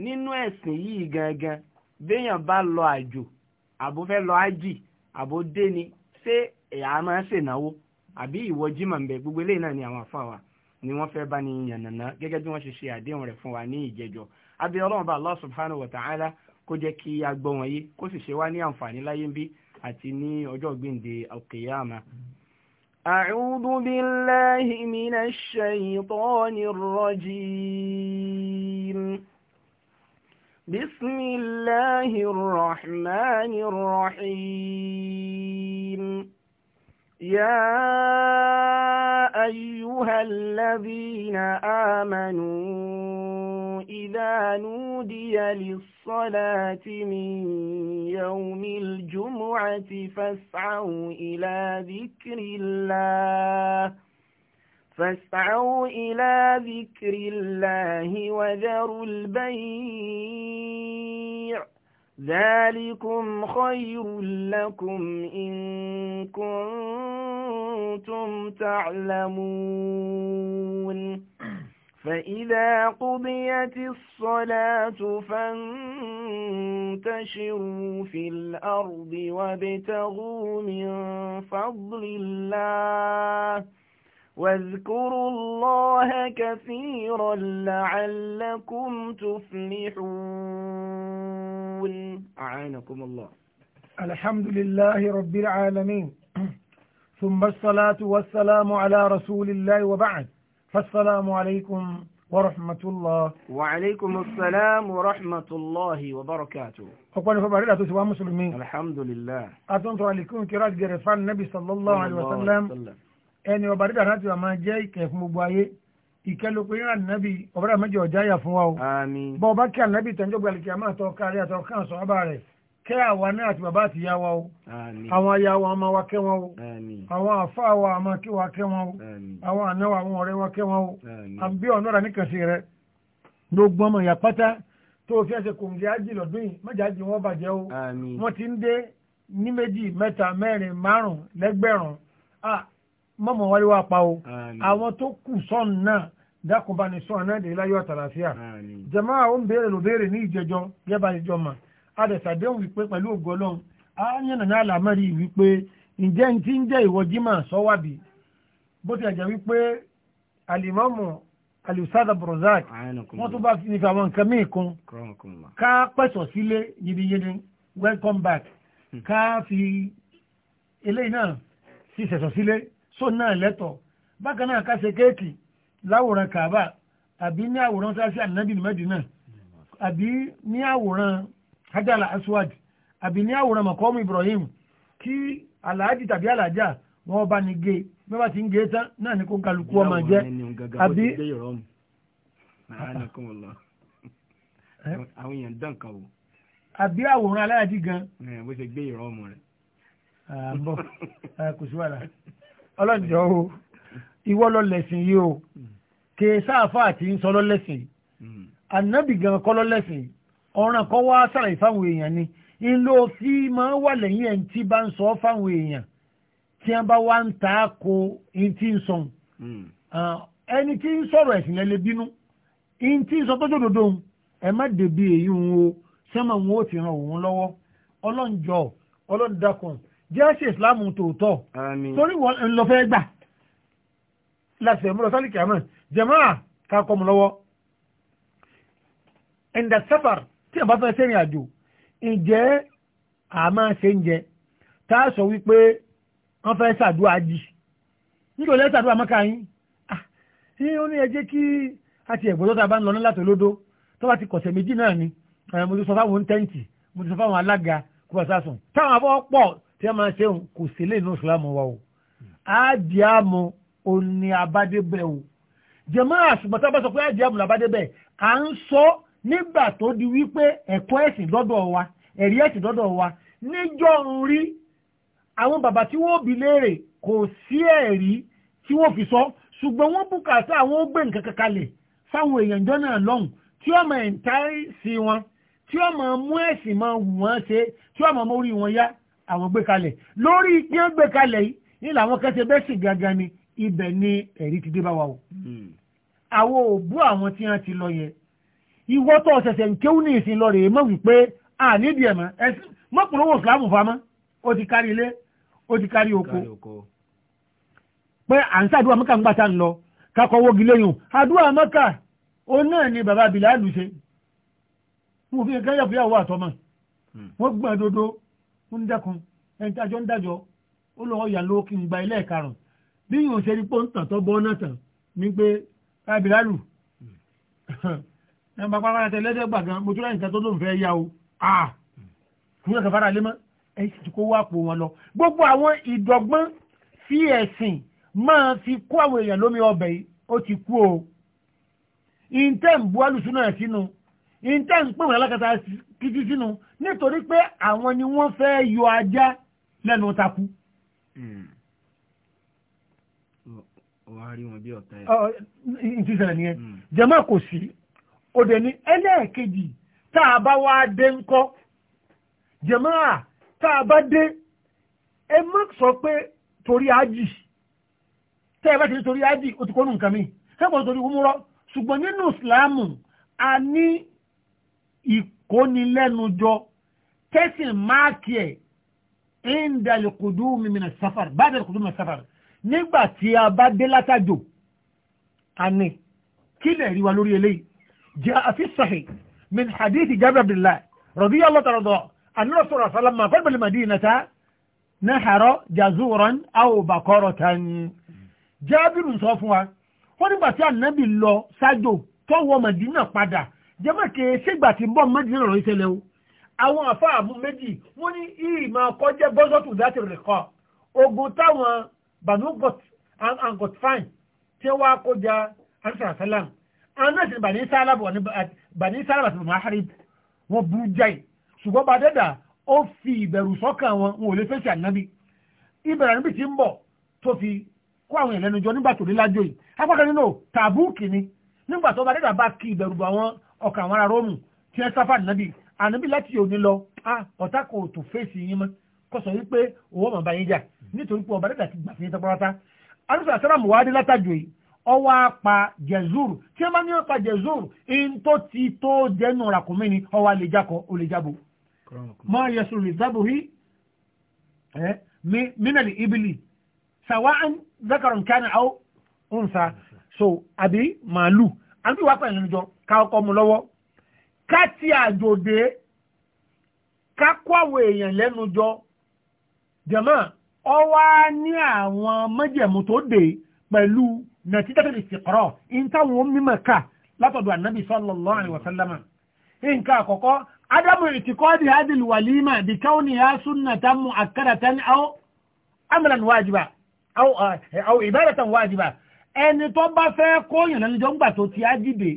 nínú ẹ̀sìn yìí gangan béèyàn bá lọ àjò àbó fẹ́ lọ ájì àbò dé ni ṣé ẹ̀yà máa ṣènáwó àbí ìwọ jimá ń bẹ gbogbo eléyìí náà ni àwọn àfàwà ni wọn fẹ bá ní yànnàná gẹgẹ bí wọn ṣe ṣe àdéhùn rẹ fún wa ní ìjẹjọ àbí ọlọ́run bá Allah subhanahu wa ta'ala kó jẹ́ kí a gbọ́ wọn yé kó sì ṣe wá ní àǹfààní láyé ń bí àti ní ọjọ́ gbìndé al-qiyama. A'udhu billahi minash shaytanir rajim. بسم الله الرحمن الرحيم يا أيها الذين آمنوا إذا نودي للصلاة من يوم الجمعة فاسعوا إلى ذكر الله فاسعوا إلى ذكر الله وذروا البيع ذلكم خير لكم إن كنتم تعلمون فإذا قضيت الصلاة فانتشروا في الأرض وابتغوا من فضل الله واذكروا الله كثيرا لعلكم تفلحون أعانكم الله الحمد لله رب العالمين ثم الصلاة والسلام على رسول الله وبعد فالسلام عليكم ورحمة الله وعليكم السلام ورحمة الله وبركاته أقول فبارك الله سوى مسلمين الحمد لله أتنطر لكم كرات جرفان النبي صلى الله, عليه وسلم, الله وسلم. ẹni ọba dídà láti wà máa jẹ́ fún gbogbo ayé ìkẹ́ ló pé ìrìn ànábì ọba dà mẹ́jọ ọjà yà fún wa o. àmín. bọ́ ọba kí ànábì tẹ̀jọ́ gbalẹ̀ kí a máa tọ́ kárí àtọ́ kàn sọ ọba rẹ̀ kẹ́ àwa náà àti bàbá àti ìyá wa o. àmín. àwọn aya wa máa wa kẹ́ wọn o. àmín. àwọn àfa wa máa kí wa kẹ́ wọn o. àmín. àwọn àna wa àwọn ọ̀rẹ́ wa kẹ́ wọn o. àmín. àbí ọ̀nà ọ̀rà níkànsí rẹ̀ gbogbo ọmọ ìyá pátá tó fi ẹsẹ̀ kòǹgẹ́ ájì mọ́mọ́ wáyé wá pa o àwọn tó kù sọ́ọ̀n náà dákun bá ní sọ́ọ̀n náà dé láyọ̀ àtàlàfíà jẹ̀mọ́ àwọn béèrè ló béèrè ní ìjẹjọ́ gẹ́bà ìjọ mà adẹ̀sàdéhùn wípé pẹ̀lú ògo Ọlọ́run á yànnà náà làmẹ́rì wípé ǹjẹ́ ń ti ń jẹ́ ìwọ jimá sọ́wábì bó ti jẹ́ wípé alimọ́mù alusada brozak wọ́n tún bá fi àwọn nǹkan míì kún ká pẹ̀sọ̀ sílé yiniyini welcome back hmm. ká fi eléyìí náà sì sẹ̀sọ̀ sílé so náà lẹ́tọ̀ bákan náà ká ṣe kéèkì láwòrán kàbà àbí ní àwòrán sáṣẹ ànábì mẹ́dínà àbí ní àwòrán hajjala aswad àbí ní àwòrán makọ́mù ibrahim kí alaaji tàbí aláàjà wọn bá ní gé bí wọ́n ti ń gé tán náà ní kó kálukú ọmọ jẹ́ àbí. Eh? àwọn èèyàn dán kan wò. àbí àwòrán aláàjì gan. Eh, bó ṣe gbé ìrọ́mù rẹ̀. àbọ̀ eh, kò sí wàhálà ọlọ́njọ́ o ìwọ lọ lẹ̀sìn yìí o kè sáàfà àti ń sọ lọ́lẹ́sìn hmm. ànábì gan kọ́ lọ́lẹ́sìn ọ̀ràn kọ́ wá sàlàyé fáwọn èèyàn ni ń lọ sí máa wà lẹ́yìn ẹ̀ ń tí bá ń sọ fáwọn èèyàn tí wọ́n bá wá ń ta ko ń tí ń sọ hmm. ẹni tí ń sọ̀rọ̀ ẹ̀sìn lẹ́lẹ́ bínú ń tí ń sọ tó dòdòdò ẹ má dèbí èyí ń wo sẹ́mọ̀ wọn ó ti ràn òun lọ́wọ́ ọlọ́njọ́ ọlọ́dàkùn jẹ́ ṣe ìsìláàmù tòótọ́ torí wọn ń lọ fẹ́ gbà láti ẹ̀mú lọ sálìkì àmọ́ jẹ̀mọ́ kakọ́ mu lọ́wọ́ ẹ̀ǹdà sáfàr tí a bá fẹ́ sẹ́rìn àjò ǹjẹ́ àmọ́ ṣe ń jẹ tá a sọ wípé wọ́n fẹ́ ṣàdúrà jì nítorí ẹ̀ ṣàdúrà mọ́ka yín ah, ṣé ó ní ẹ jẹ́ kí a ti ẹ̀gbọ́n tó ta bá ń lọ ní láti olódó tó bá ti kọ̀sẹ̀ méjì náà ni eh, mo ti sọ fáwọn tẹ́ǹtì mo ti sọ fáwọn alága kó bá táwọn afọ́ pọ̀ tí a máa ṣe kò sí lè nù ìsìlámù wa o áàdì àmọ́ òní abádébẹ̀ o jẹ̀mọ́ àṣùgbọ́n tá a bá sọ pé áàdì àmọ́ làbádébẹ̀ à ń sọ nígbà tó di wípé ẹ̀kọ́ ẹ̀sìn dọ́dọ̀ wa ẹ̀rí ẹ̀sìn dọ́dọ̀ wa níjọ́ ń rí àwọn bàbá tí wọ́n bi léèrè kò sí ẹ̀rí tí wọ́n fi sọ ṣùgbọ́n wọ́n bùkátà àwọn ó gbé nǹkan kankalẹ̀ fáwọn èèyàn jọ náà lọ́hùn tí wọ́n máa ń tá sí wọn tí wọ́n máa mú ẹ̀sìn máa wù wọ́n ṣe tí wọ́n máa mórí wọn yá àwọn gbé kalẹ̀ lórí tí wọ́n gbé yìí ní làwọn kẹsẹ̀ bẹ́ẹ̀ sì gangan ni ibẹ̀ ni ẹ̀rí ti dé bá wa o. Hmm. àwọn òbú àwọn tí wọ́n ti lọ yẹn ìwọ́ tó ṣẹ̀ṣẹ̀ ń kéwú ní ìsìn lọ rèé mọ̀ wípé à nídìí ẹ̀ mọ́ ẹ̀sìn mọ́kùnrin wò sùlámù fama ó ti kárí ilé ó ti kárí oko pé à ń sàdúrà mọ́kà ń gbà tá ń lọ kakọ̀ wogi lẹ́yìn àdúrà mọ́kà ó náà ni bàbá bìlá lù ṣe. mo fi kẹ́yọ̀ fún yàwó àtọ́mọ̀ hmm. wọ́n gbọ́n dodo ń dẹ́kun ẹni tí ajọ́ ń dájọ́ ó lọ́wọ́ ìyá lówó kí n gba ilé ìkarùn bí yìí ò ṣe ní pọ́ńtàn tó bọ́ náà tàn ní pé abiralu ẹ̀ ń bá pàápàá tẹ lẹ́dẹ̀ gbàgán mo tún láyìn kan tó lóun fẹ́ yá o ah fún ẹ̀kọ́ fara lé mọ́ ẹ sì kó wá pò wọn lọ gbogbo àwọn ìdọ̀gbọ́n sí ẹ̀sìn máa fi kó àwọn èèyàn lómi ọbẹ̀ yìí ó ti kú o ìǹtẹ̀ ń bu alùsùn náà sínú intense pé wọ́n alákàtà títí sínú nítorí pé àwọn ni wọ́n fẹ́ yọ ajá lẹ́nu takú. ìtúsẹ̀lẹ̀ nìyẹn hmm. jẹ́mọ́ kò sí òde ní ẹlẹ́ẹ̀kejì tá a bá wá dé ńkọ́ jẹ́mọ́ à tá a bá dé ẹ má sọ pé torí ájì tẹ́ ẹ bá ti torí ájì ó ti kọ́ nù nǹkan mi kẹ́kọ̀ọ́ torí wúmúrọ́ ṣùgbọ́n nínú ìsìláàmù a ní ìkónilẹ́nujọ tẹ́sìn máàkì ẹ̀ ìndàlùkùdù mímìnà sáfàr bádàlùkùdù mímìnà sáfàr nígbà tí a bá dé látàjò àní kí lè rí wa lórí eléyìí jaa fi sahih min hadithi jabir abdullah radiyallahu ta'ala anhu anna rasulullah sallallahu alaihi wasallam madinata nahara jazuran aw baqaratan jábìrù sọ fún wa wọ́n nígbà tí ànábì lọ sájò tọ́wọ́ mọ̀dínà padà jẹ́mọ̀ kì í ṣègbà tí bọ́ọ̀ mẹ́dínà lọ́rọ̀ ìṣẹ̀lẹ̀ o àwọn àfáàmù méjì wọ́n ní ìmọ̀ ọkọ̀jẹ́ bọ́sọ̀tù láti rẹ̀ kọ́ ogun táwọn banu angotfine tí wọ́n á kọjá ansarasalam anasi bani sálábà bani sálábà ti bàmá harib wọn burú jáì ṣùgbọ́n bá dẹ́dà ó fi ìbẹ̀rù sọ́kàn wọn wọn ò lè fẹ́ sí ànábì ìbẹ̀rù ànábì ti ń bọ̀ tó fi kó àwọn ìlẹ́nujọ nígbà tó dé lájọ yìí apá kan nínú tàbúùkì ni nígbà tó bá dẹ́dà bá kí ìbẹ̀rù bọ̀ wọn ọkàn àwọn ará róòmù tí ẹ sáfà nàbì ànábì láti òní lọ ọ̀tá kò tó fèsì yín mọ́ kó sọ wípé owó màmá yín jà nítorí pé ọba dẹ́dà ti gbà fún yín tọ́pọ́rọ́tà alùpùpù àsálàmù wàá dé látàjọ yìí ọwọ́ apá jẹ̀zúr tí ẹ máa ní apá jẹ̀zúr in tó ti tó jẹ́nu ràkúnmí ni ọwọ́ àlejakọ olèjabo mọ yẹsùn lè dábò hí mínàlì ibìlì sàwa zakaron kánà áwò ń sa so àbí màálù àbí wàá pẹ̀lú ìjọ ká ọkọ̀ mu lọ́wọ́ ká ti àjòdè ká kó àwọn èèyàn lẹ́nu jọ jẹ̀mọ́ ọ wá ní àwọn mọ́jẹ̀mú tó dé pẹ̀lú nàìjíríà ti kọ̀rọ̀ ìtàwọn mímọ̀ ká látọ̀dọ̀ ànábì sallallahu alaihi wasallam nǹkan àkọ́kọ́ adamu ìtìkọ́dì hadil walima bí káwọn ìhá sunnatan mu'akkadatan aw amran wajiba aw ibadatan wajiba ẹni tó bá fẹ́ kóyàn lẹ́nu jọ ń tó ti á dìde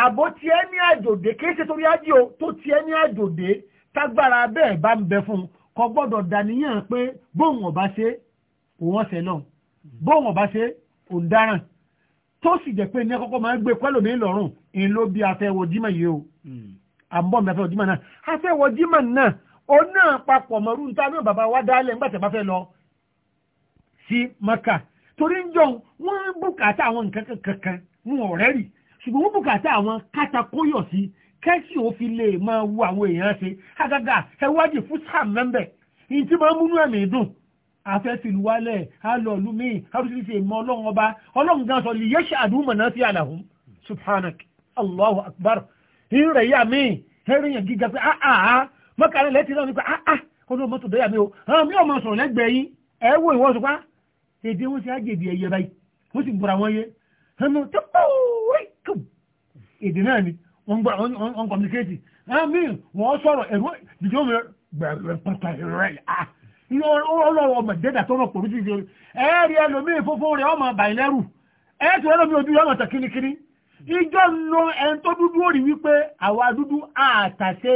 àbó tí ẹ ní àjòdè kìí ṣe torí ájí o tó tí ẹ ní àjòdè tágbára bẹ́ẹ̀ bá ń bẹ fún kò gbọ́dọ̀ dàníyàn pé bóun ọba ṣe òun ọ̀sẹ̀ náà bóun ọba ṣe òun dáràn tó sì jẹ́ pé ní ẹkọ́kọ́ máa ń gbé pẹ́lú mi lọ́rùn ìn ló bí afẹ́wọ̀ jímọ̀ yìí o àbọ̀ mi afẹ́wọ̀ jímọ̀ náà afẹ́wọ̀ jímọ̀ náà ó náà papọ̀ mọ̀rú níta náà bàbá wa dálẹ̀ nígbà tí a bá fẹ́ lọ sí Mẹ́kà torí ń jọ wọn bùkátà àwọn nǹkan kankan mú ọ̀rẹ́ rì ṣùgbọ́n wọ́n bùkátà àwọn kátàkóyọ̀ sí kẹ́sì ò fi lè máa wo àwọn èèyàn ṣe àgàgà ẹwádìí fún sam mẹ́mbẹ̀ ìyí tí máa ń múnú ẹ̀mí dùn afẹ́fìlúwálẹ̀ alọ́ọ̀lùmí arúgbìsì ìmọ̀ ọlọ́run ọba ọlọ́run gan sọ lè yẹ́ ṣàdúmọ̀ náà sí àlàhùn subhanak allahu akbar ìrẹ̀ yà mí ẹ̀rìyàn gíga pé àà ah, ah, ah. mọ́kànlẹ̀ lẹ́tì náà ní pé àà ọdún mọ́tò bẹ́yà mi o àwọn mi ò máa sọ̀rọ̀ lẹ́gbẹ̀ẹ́ yín ẹ wo ìwọ́sùpá èdè wọn ti á jèbi ẹ̀yẹ báyìí wọ́n sì gbọ́ra wọn yé ẹnu tó kọ́ oh, tó èdè náà ni wọ́n gbà wọ́n kọ̀míkéètì àmì wọ́n sọ̀rọ̀ ẹ̀rọ ìdíjọ́ mi gbẹ̀rẹ̀ pátá rẹ̀ à ọlọ́rọ̀ ọmọ ìdẹ́dà tó rọ̀ pọ̀ lójú ìjọ ẹ̀ẹ́rì ẹlòmíì fófó rẹ̀ ọmọ bàìlẹ́rù ẹ̀ẹ́tù ẹlòmíì ojú ọmọ tẹ̀ kínníkínní ìjọ nù ẹni tó dúdú ó rí wípé àwa dúdú àtàṣe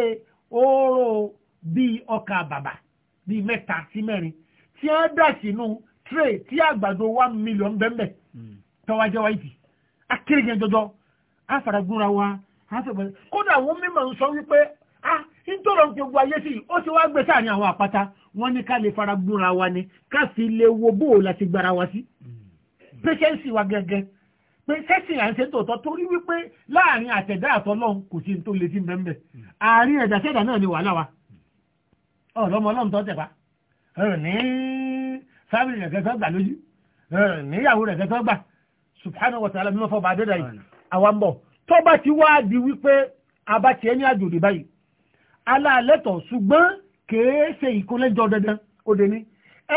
oró bíi ọkà bàbà bíi mẹ́ta sí mẹ́rin tí wọ́n dà sínú tray tí àgbàdo one million bẹ́ẹ̀ bẹ́ẹ̀ tọ́wájẹ́ wáìtì akérèjẹ́ jọjọ́ á fara gúnra wa á fẹ̀bẹ̀ kódà àwọn mímọ̀ ń sọ wípé a nítorí ohun gbogbo ayé sí ó ti wá gbé sáàrin àwọn àpáta wọn ní ká lè fara wa ni ká sì lè wo bó o láti gbára wa sí mm. pẹ́sẹ́ǹsì wa gẹ́gẹ́ pé sẹ́sìn à ń ṣe tòótọ́ torí wípé láàrin àtẹ̀dá àtọ́lọ́hún kò sí tó lè sí mẹ́mẹ́ mm. àárín ẹ̀dá sẹ́dá náà ni wàhálà wa mm. ọ̀rọ̀mọ ọlọ́run tó tẹ̀pa ní fámìlì rẹ̀ kẹfẹ́ gbà lójú níyàwó rẹ̀ kẹfẹ́ gbà subhanahu wa ta'ala mímọ́ fọ́ bá yìí àwàmbọ̀ tó bá ti wá di wípé abàtì ẹni àjòdè báyìí aláàlẹ́tọ̀ ṣùgbọ́n kèé ṣe ìkólẹ́jọ́ dandan ó dé ní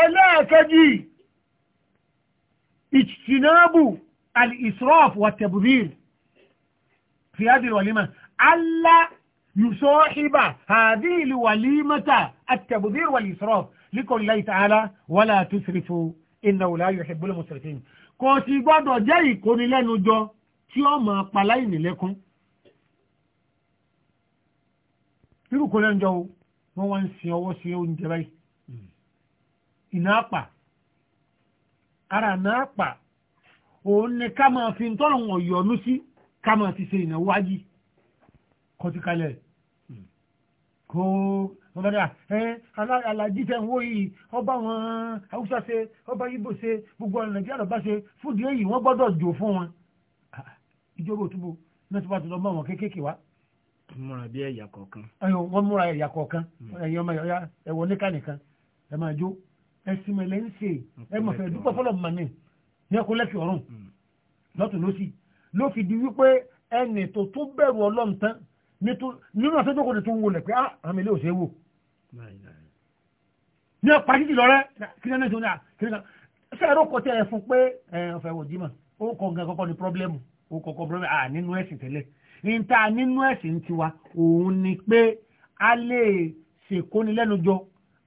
ẹlẹ́ẹ̀kẹ́jì ìtìnábù al-israf wa tabdhir fi hadhihi al-walima alla yusahiba hadhihi al-walimata at-tabdhir wal-israf likul lahi ta'ala wala tusrifu kò sì gbọ́dọ̀ jẹ́ ìkónilẹ́nujọ tí ó máa paláì nílẹ́kún irú kò lẹ́njọ́ o wọ́n wá ń sin ọwọ́ sí oúnjẹ báyìí iná àpà ara náà àpà òun ni ká máa fi tọ́lọ̀ wọn yọ̀ọ́nú sí ká máa fi ṣe ìnáwó ají kọtíkalẹ̀ kó wọ́n bá dà ẹ́ alájí tẹ̀ ń wó yìí ọba wọn haúsá ṣe ọba yíbò ṣe gbogbo ọ̀nà nàìjíríà lọ́ba ṣe fúdìí èyí wọ́n gbọ́dọ̀ jò fún wọn ìjọba òtúbò náà ti bá ti lọ mọ́ àwọn kéékèèké wa. múra bí ẹ̀yà kọ̀ọ̀kan. wọ́n múra ẹ̀yà kọ̀ọ̀kan hmm. ẹ̀yìn ọmọ ẹ̀yà ẹ̀wọ̀ níkà nìkan ẹ̀ máa jó ẹ̀sìn mẹ́lẹ̀ ń ṣe ẹ̀ mọ̀ fẹ́ dúpọ̀ fọlọ́ mọ̀ ní ní ẹkún lẹ́kì ọ̀run hmm. lọ́tún lọ́sì ló fi di wípé ẹnì tó tún bẹ̀rù ọlọ́run tán nínú àtọ́jọ́ kò tó ń wọlé pé ah, àmì ilé òṣèwò ní ọ̀pá títì lọ́rẹ́ kí ní ẹni tó ní à kí ní ká ṣe ẹ̀rọ kọtẹ́ ẹ̀ fún pé ẹ̀ ọ̀fẹ́ wò jímọ̀ ó kọ̀ nǹkan kọ́kọ́ ní pírọ́blẹ́mù ó kọ́kọ́ bọ́lọ́mẹ́ à nínú ẹ̀sìn tẹ́lẹ̀ níta nínú ẹ̀sìn tiwa òun ni pé a lè ṣèkónilẹ́nujọ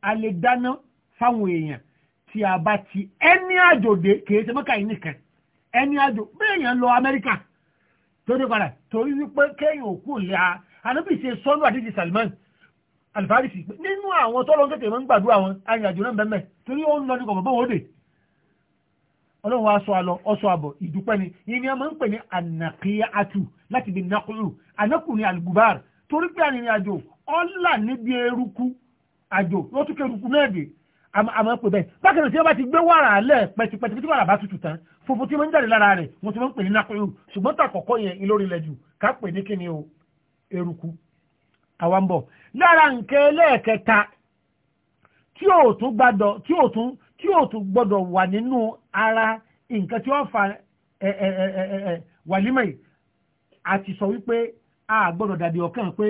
a lè dáná fáwọn èèyàn tí a bá ti ẹni àjòdè kìí ṣe mọ́kà yìí nìkan ẹni àjò bẹ́ẹ̀ yẹn lọ Amẹ́ríkà tó padà torí wípé kéèyàn òkú lè a ànábì ṣe sọ́nù àdíjì Salman Al-Farisi nínú àwọn tọ́lọ́ tètè máa ń gbàdúrà wọn arìnrìnàjò náà bẹ́ẹ̀ torí ó ń lọ ní kọ̀ọ̀bọ̀ bọ́wọ́ dè ọlọ́run wa sọ àlọ ọsọ àbọ̀ ìdúpẹ́ ni ìní a máa ń pè ní ànàkíyà àtù láti bí nàkúrú ànàkù ní àlùbùbáàrì torí pé àrìnrìn àjò ọ̀là níbi eruku àjò ló tún kẹrùkú náà dé àmọ́ pè bẹ́ẹ̀ bákan tí wọ́n bá ti gbé wàrà alẹ́ pẹtipẹti tí wàrà bá tutù tán fòfò tí wọ́n ń jáde lára rẹ̀ wọ́n ti máa ń pè ní nàkúrú ṣùgbọ́n tàkọ́kọ́ yẹn ìlórí lẹ́jù ká pè ní kíni o eruku àwa ń bọ̀ lára nǹkan ẹlẹ́ẹ̀kẹta tí ò tún gbadọ̀ tí ò tún tí ó tún wà nínú ara nǹkan tí ó fa wàlímọ̀ yìí àti sọ wípé a gbọ́dọ̀ dàbí ọ̀kan pé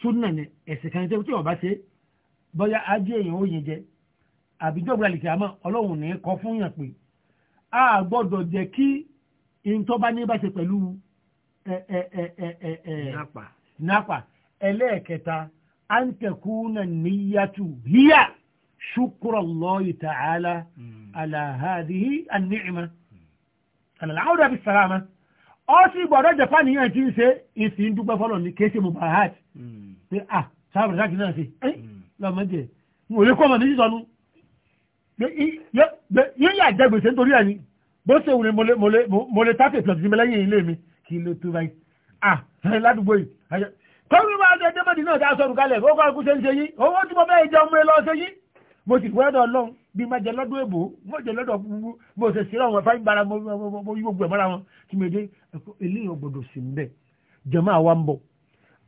súnà ni ẹ̀sìn kan tí wọ́n bá ṣe bóyá ajé èèyàn ó yẹn jẹ àbíjọba àlìkè àmọ́ ọlọ́run ní kọ fún yàn pé a gbọ́dọ̀ jẹ́ kí ìntọ́ bá ní bá ṣe pẹ̀lú nápa ẹlẹ́ẹ̀kẹta àǹtẹ̀kùnà níyàtù híyà. شكر الله تعالى على هذه النعمة على العودة بالسلامة ọ́sì gbọ́dọ̀ japan yẹn ti ń ṣe ìsìn dúpẹ́ fọ́lọ̀ ní kéṣe mubahat pé à sáàbùrù sáàkì náà ṣe ẹ́ lọ́mọdé mo lè kọ́ ọmọ méjì sọnù yín yà jẹ gbèsè nítorí ẹ̀yìn bó ṣe wùrẹ́ mo lè tápè pẹ̀lú ti mẹ́lẹ́yìn ilé mi kí ló tó báyìí à ládùúgbò yìí kọ́ńtù máa ń ṣe dẹ́mọ̀dì náà dá sọ̀rù kalẹ̀ ó kọ́ mo sì wẹ́rọ ọlọ́run bí má jẹ lọ́dún èbó mo jẹ lọ́dọ̀ gbogbo mo sì sí ọ̀run ẹ̀fá ìgbára mo yí gbogbo ẹ̀ mọ́ra wọn kí mi dé eléyìí ọgbọ̀dọ̀ sí ń bẹ̀ jẹ̀mọ́ àwa ń bọ̀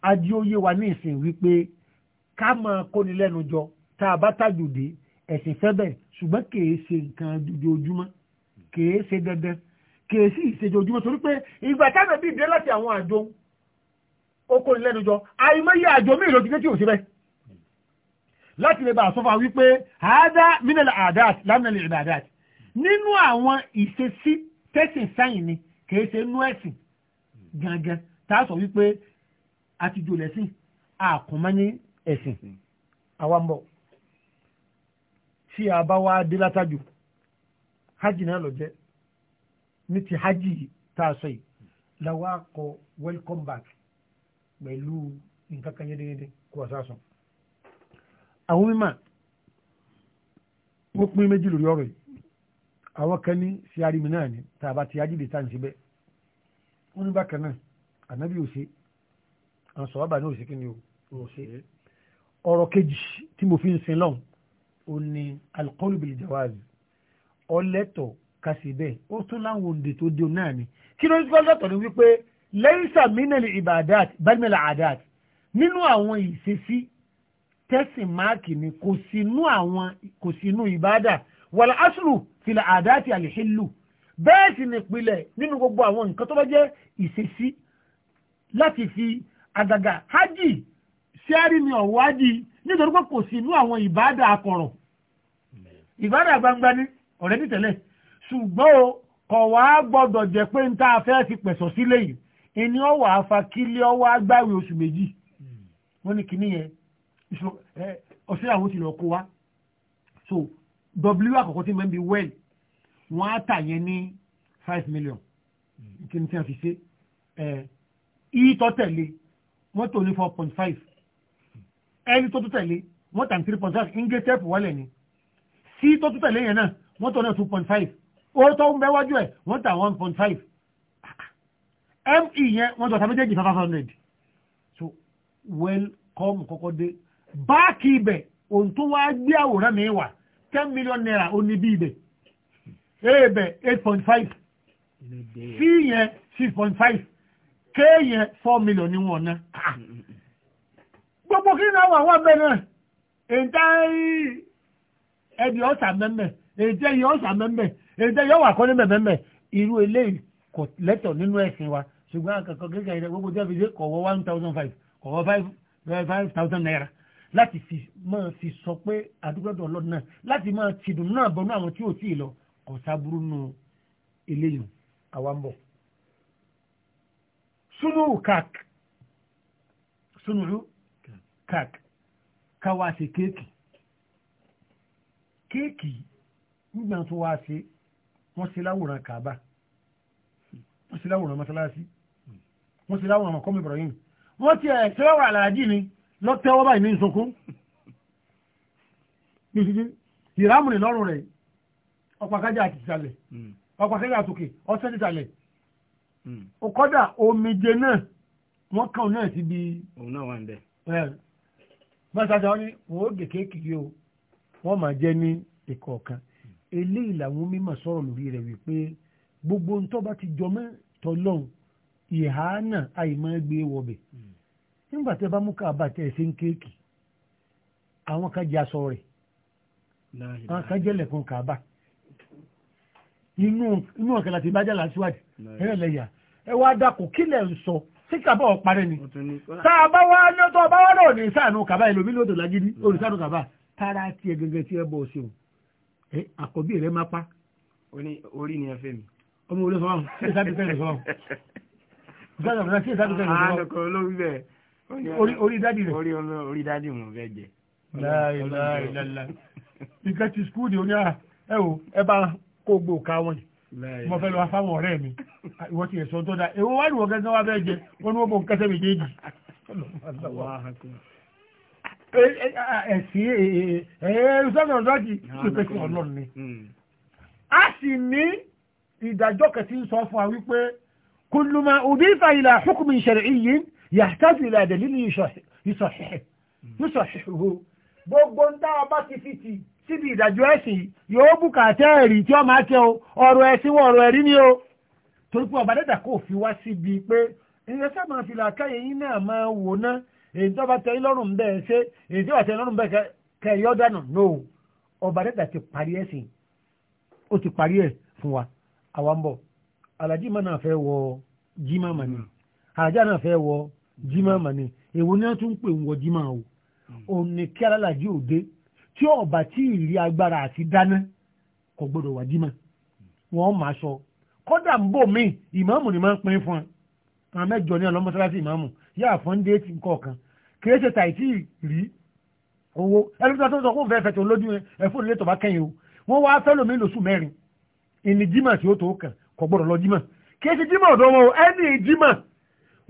adi oyé wa ní ìsìn wípé ká máa kóni lẹ́nu jọ tá a bá tàjòdè ẹ̀sìn fẹ́bẹ̀ ṣùgbọ́n kèé ṣe nǹkan ojoojúmọ́ kèé ṣe dandan kèé sì ìṣèjọjúmọ́ torí pé ìgbà táwọn ẹbí dé láti àwọn àjò ó kóni lẹ́nu jọ àìmọye àjò míì ló ti dé tí ò sí bẹ́ẹ̀ láti lè bá àsọ́fà wípé àádá mínàlá àdáàtì lámìnàlá ìbàdáàtì nínú àwọn ìṣesí tẹ́sìn sáyìn ni kìí ṣe nú ẹ̀sìn gangan tá a sọ wípé a ti jòlẹ̀ ẹ̀sìn àwa ń bọ̀ tí a bá wá dé látàjù hajj náà lọ jẹ́ ní ti hajj tá a sọ yìí làwa kọ welcome back pẹ̀lú nǹkan kan yẹ́dẹ́yẹ́dẹ́ kó a sá sùn àwọn mímọ̀ wọ́n pín méjì lórí ọ̀rọ̀ yìí àwọn kan ní sí arìmì náà ni tàbá ti ajílẹ̀ tá à ń ṣe bẹ́ẹ̀ wọ́n ní bákan náà ànábì ò ṣe àwọn sọ̀rọ̀ bá ní òṣèké ni ò ṣe ọ̀rọ̀ kejì tí mo fi ń sin lọ́hùn ó ní alqawlu bil jawaz ọlẹ́tọ̀ kasi bẹ́ẹ̀ ó tún láwọn òǹdè tó di náà ni kí ló ń gbọ́ lọ́tọ̀ ni wípé lẹ́yìn sàmínà ìbàdàt bẹ́ẹ̀ mẹ́lẹ̀ àdàt nínú àwọn ìṣesí tẹ́sì máàkì ni kò sínú àwọn kò sínú ìbádà wàlá asùlù fìlà àdáàtì àlèhìlù bẹ́ẹ̀ sì ni ìpìlẹ̀ nínú gbogbo àwọn nǹkan tó bá jẹ́ ìṣesí láti fi àgàgà hajj ṣẹ́rí ni ọ̀wọ́ hajj nítorí pé kò sínú àwọn ìbádà akọ̀rọ̀ ìbádà gbangba ni ọ̀rẹ́ ní tẹ́lẹ̀ ṣùgbọ́n o kọ̀ wá gbọ́dọ̀ jẹ́ pé ń tá a fẹ́ fi pẹ̀sọ̀ sílé yìí ìní ọwọ́ afa kílé ọwọ́ agbáwé oṣù méjì wọ́n ní kíní ọ̀sẹ̀ àwọn ti lọ kó wa so w àkọ́kọ́ tí mẹ́bí well wọ́n á tà yẹn ní five million hmm. kí ni tí a fi ṣe E tó tẹ̀lé wọ́n tó ní four point five ẹni tó tó tẹ̀lé wọ́n tà ní three point five ingé tẹ́pù wọlé ni C tó tó tẹ̀lé yẹn náà wọ́n tó náà two point five O tó ń bẹ wájú ẹ̀ wọ́n tà one point five me yẹn wọ́n tọ́ ta méjèèjì five hundred so well come kọ́kọ́ dé báàkì ibẹ̀ òun tó wá gbé àwòrán mi wà ten million naira ó ní bí ibẹ̀ ebẹ̀ eight point five c yẹn six point five k yẹn four million ni wọ́n ná gbogbo kí ni àwọn àwọn abẹ náà ètò ẹbí ọ̀sà mẹ́mẹ́ ètò ẹyẹ ọ̀sà mẹ́mẹ́ ètò ẹyẹ ọ̀wà kọ́ni mẹ́mẹ́ irú eléyìí kò lẹ́tọ̀ nínú ẹ̀sìn wa ṣùgbọ́n àkàkọ́ kékeré gbogbo tí a fi ṣe kọ̀wọ́ one thousand five kọ̀wọ́ five five thousand naira láti fi máa fi sọ pé àdúgbòdò ọlọ́run náà láti máa tìdùn náà bọ́nú àwọn tí ò tí ì lọ kò sábúrú nù eléyìí àwa ń bọ̀. sunu kak sunu kak káwa ṣe kéèkì kéèkì nígbà tó wá ṣe wọ́n ṣe láwòrán kàbá wọ́n ṣe láwòrán mọ́sálásí wọ́n ṣe láwòrán mọ́kọ́mù Ibrahim wọ́n ti ẹ̀ ṣe àlàájì ni. lọ́tẹ́wọ́ báyìí ní sunkún ìrámù ní lọ́rùn rẹ̀ ọ̀pàkájà àti ìsàlẹ̀ hmm. ọ̀pàkájà àtòkè ọ̀sẹ̀ ìsàlẹ̀ ọ̀kọ́dà hmm. omijé náà wọ́n kàn náà sí bí. òun náà wà ń bẹ. mọ́sájà wọn ni wọ́n ó gèké kiri o wọ́n máa jẹ́ ní ìkọ̀ọ̀kan hmm. eléyìí làwọn mímọ̀ sọ̀rọ̀ lórí rẹ̀ wípé gbogbo ntọ́ bá ti jọmọ́ ìhà àìmọ́ gbé nígbà tẹ bá mú káàbà tẹ ẹ ṣe ń kéèkì àwọn kan jẹ aṣọ rẹ̀ àwọn kan jẹ lẹ̀kùn káàbà inú ọ̀kẹ́ láti bá jàlá síwájú ẹ̀rẹ́ lẹ́yà ẹ wá dákò kí lẹ̀ ń sọ sí kàbá ọ̀parẹ́ ni tá a bá wá lọ́tọ̀ ọba wá náà ní sáànù kàbá ẹlòmí lòdò lágídí olùsánù kàbá tára tiẹ̀ gẹ́gẹ́ tí ẹ bọ̀ ẹ àkọ́bí rẹ máa pa. orí ni ẹ fẹ́ mi. ọmọ olóṣèlú sọ́wọ́n sí ìsáàbí fẹ́rẹ̀ sọ́wọ́n orí dádì rẹ̀. orí orí dádì mo fẹ́ jẹ. láì láì lálá. ìkẹ́ ti skul di oníyàrá ẹ o ẹ bá kó gbó ká wọn yìí mo fẹ́ lọ wá fáwọn ọ̀rẹ́ mi ah, ìwọ ti ẹ̀sọ́ tó dáa èwo wá ní wọ́n gẹ́gẹ́ wá fẹ́ jẹ wọ́n ní wọ́n bọ̀ kẹsẹ̀ méjèèjì. ẹ̀sìn ẹ̀ẹ́dùsọ́nà ọ̀dọ́jì ṣùgbọ́n sí ọlọ́run ni. Hmm. a sì ní ìdájọ́ kẹsì ń sọ fún wa wípé kùlùmọ̀ òbí ìfàyìlà hukumi shar'iyyin يحتاج إلى دليل يصححه يصححه gbogbo ń dá ọba ti fi tì síbi ìdájọ́ ẹ̀sìn yóò bùkátà ẹ̀rí tí ó máa tẹ o ọ̀rọ̀ ẹ̀sìn wọ ọ̀rọ̀ ẹ̀rí ni o torí pé ọba dẹ́dà kò fi wá síbi pé ìyẹn sábà máa fi làákàyè yín náà máa wò ná èyí tó bá tẹ́yìn lọ́rùn bẹ́ẹ̀ ṣe èyí tó bá tẹ́yìn lọ́rùn bẹ́ẹ̀ kẹyọ́ dànù no ọba dẹ́dà ti parí ẹ̀sìn ó ti parí ẹ̀ fún wa àwa ń bọ̀ alájí máa jimá mà ní èwo ni wọn tún ń pè wọ jimá o òun hmm. ni kí alálàjì òde tí ọba tí ìrí agbára àti dáná kò gbọdọ̀ wà jimá wọn máa sọ kódà ń bò mí ìmáàmù ni máa ń pín fún un àwọn mẹ́jọ ọlọmọsálásí ìmáàmù yáà fún déètì kọ̀ọ̀kan kìí ṣe tàìtì rí owó ẹni tó sọ fún fẹfẹ tó lójú ẹfún ilé tọba kẹyìn o wọn wá fẹlẹ mi lóṣù mẹ́rin ìní jimá tí ó tó kàn kò gbọdọ̀ lọ jimá kìí ṣe jimá ọ̀dọ̀ wọn o ẹni jimá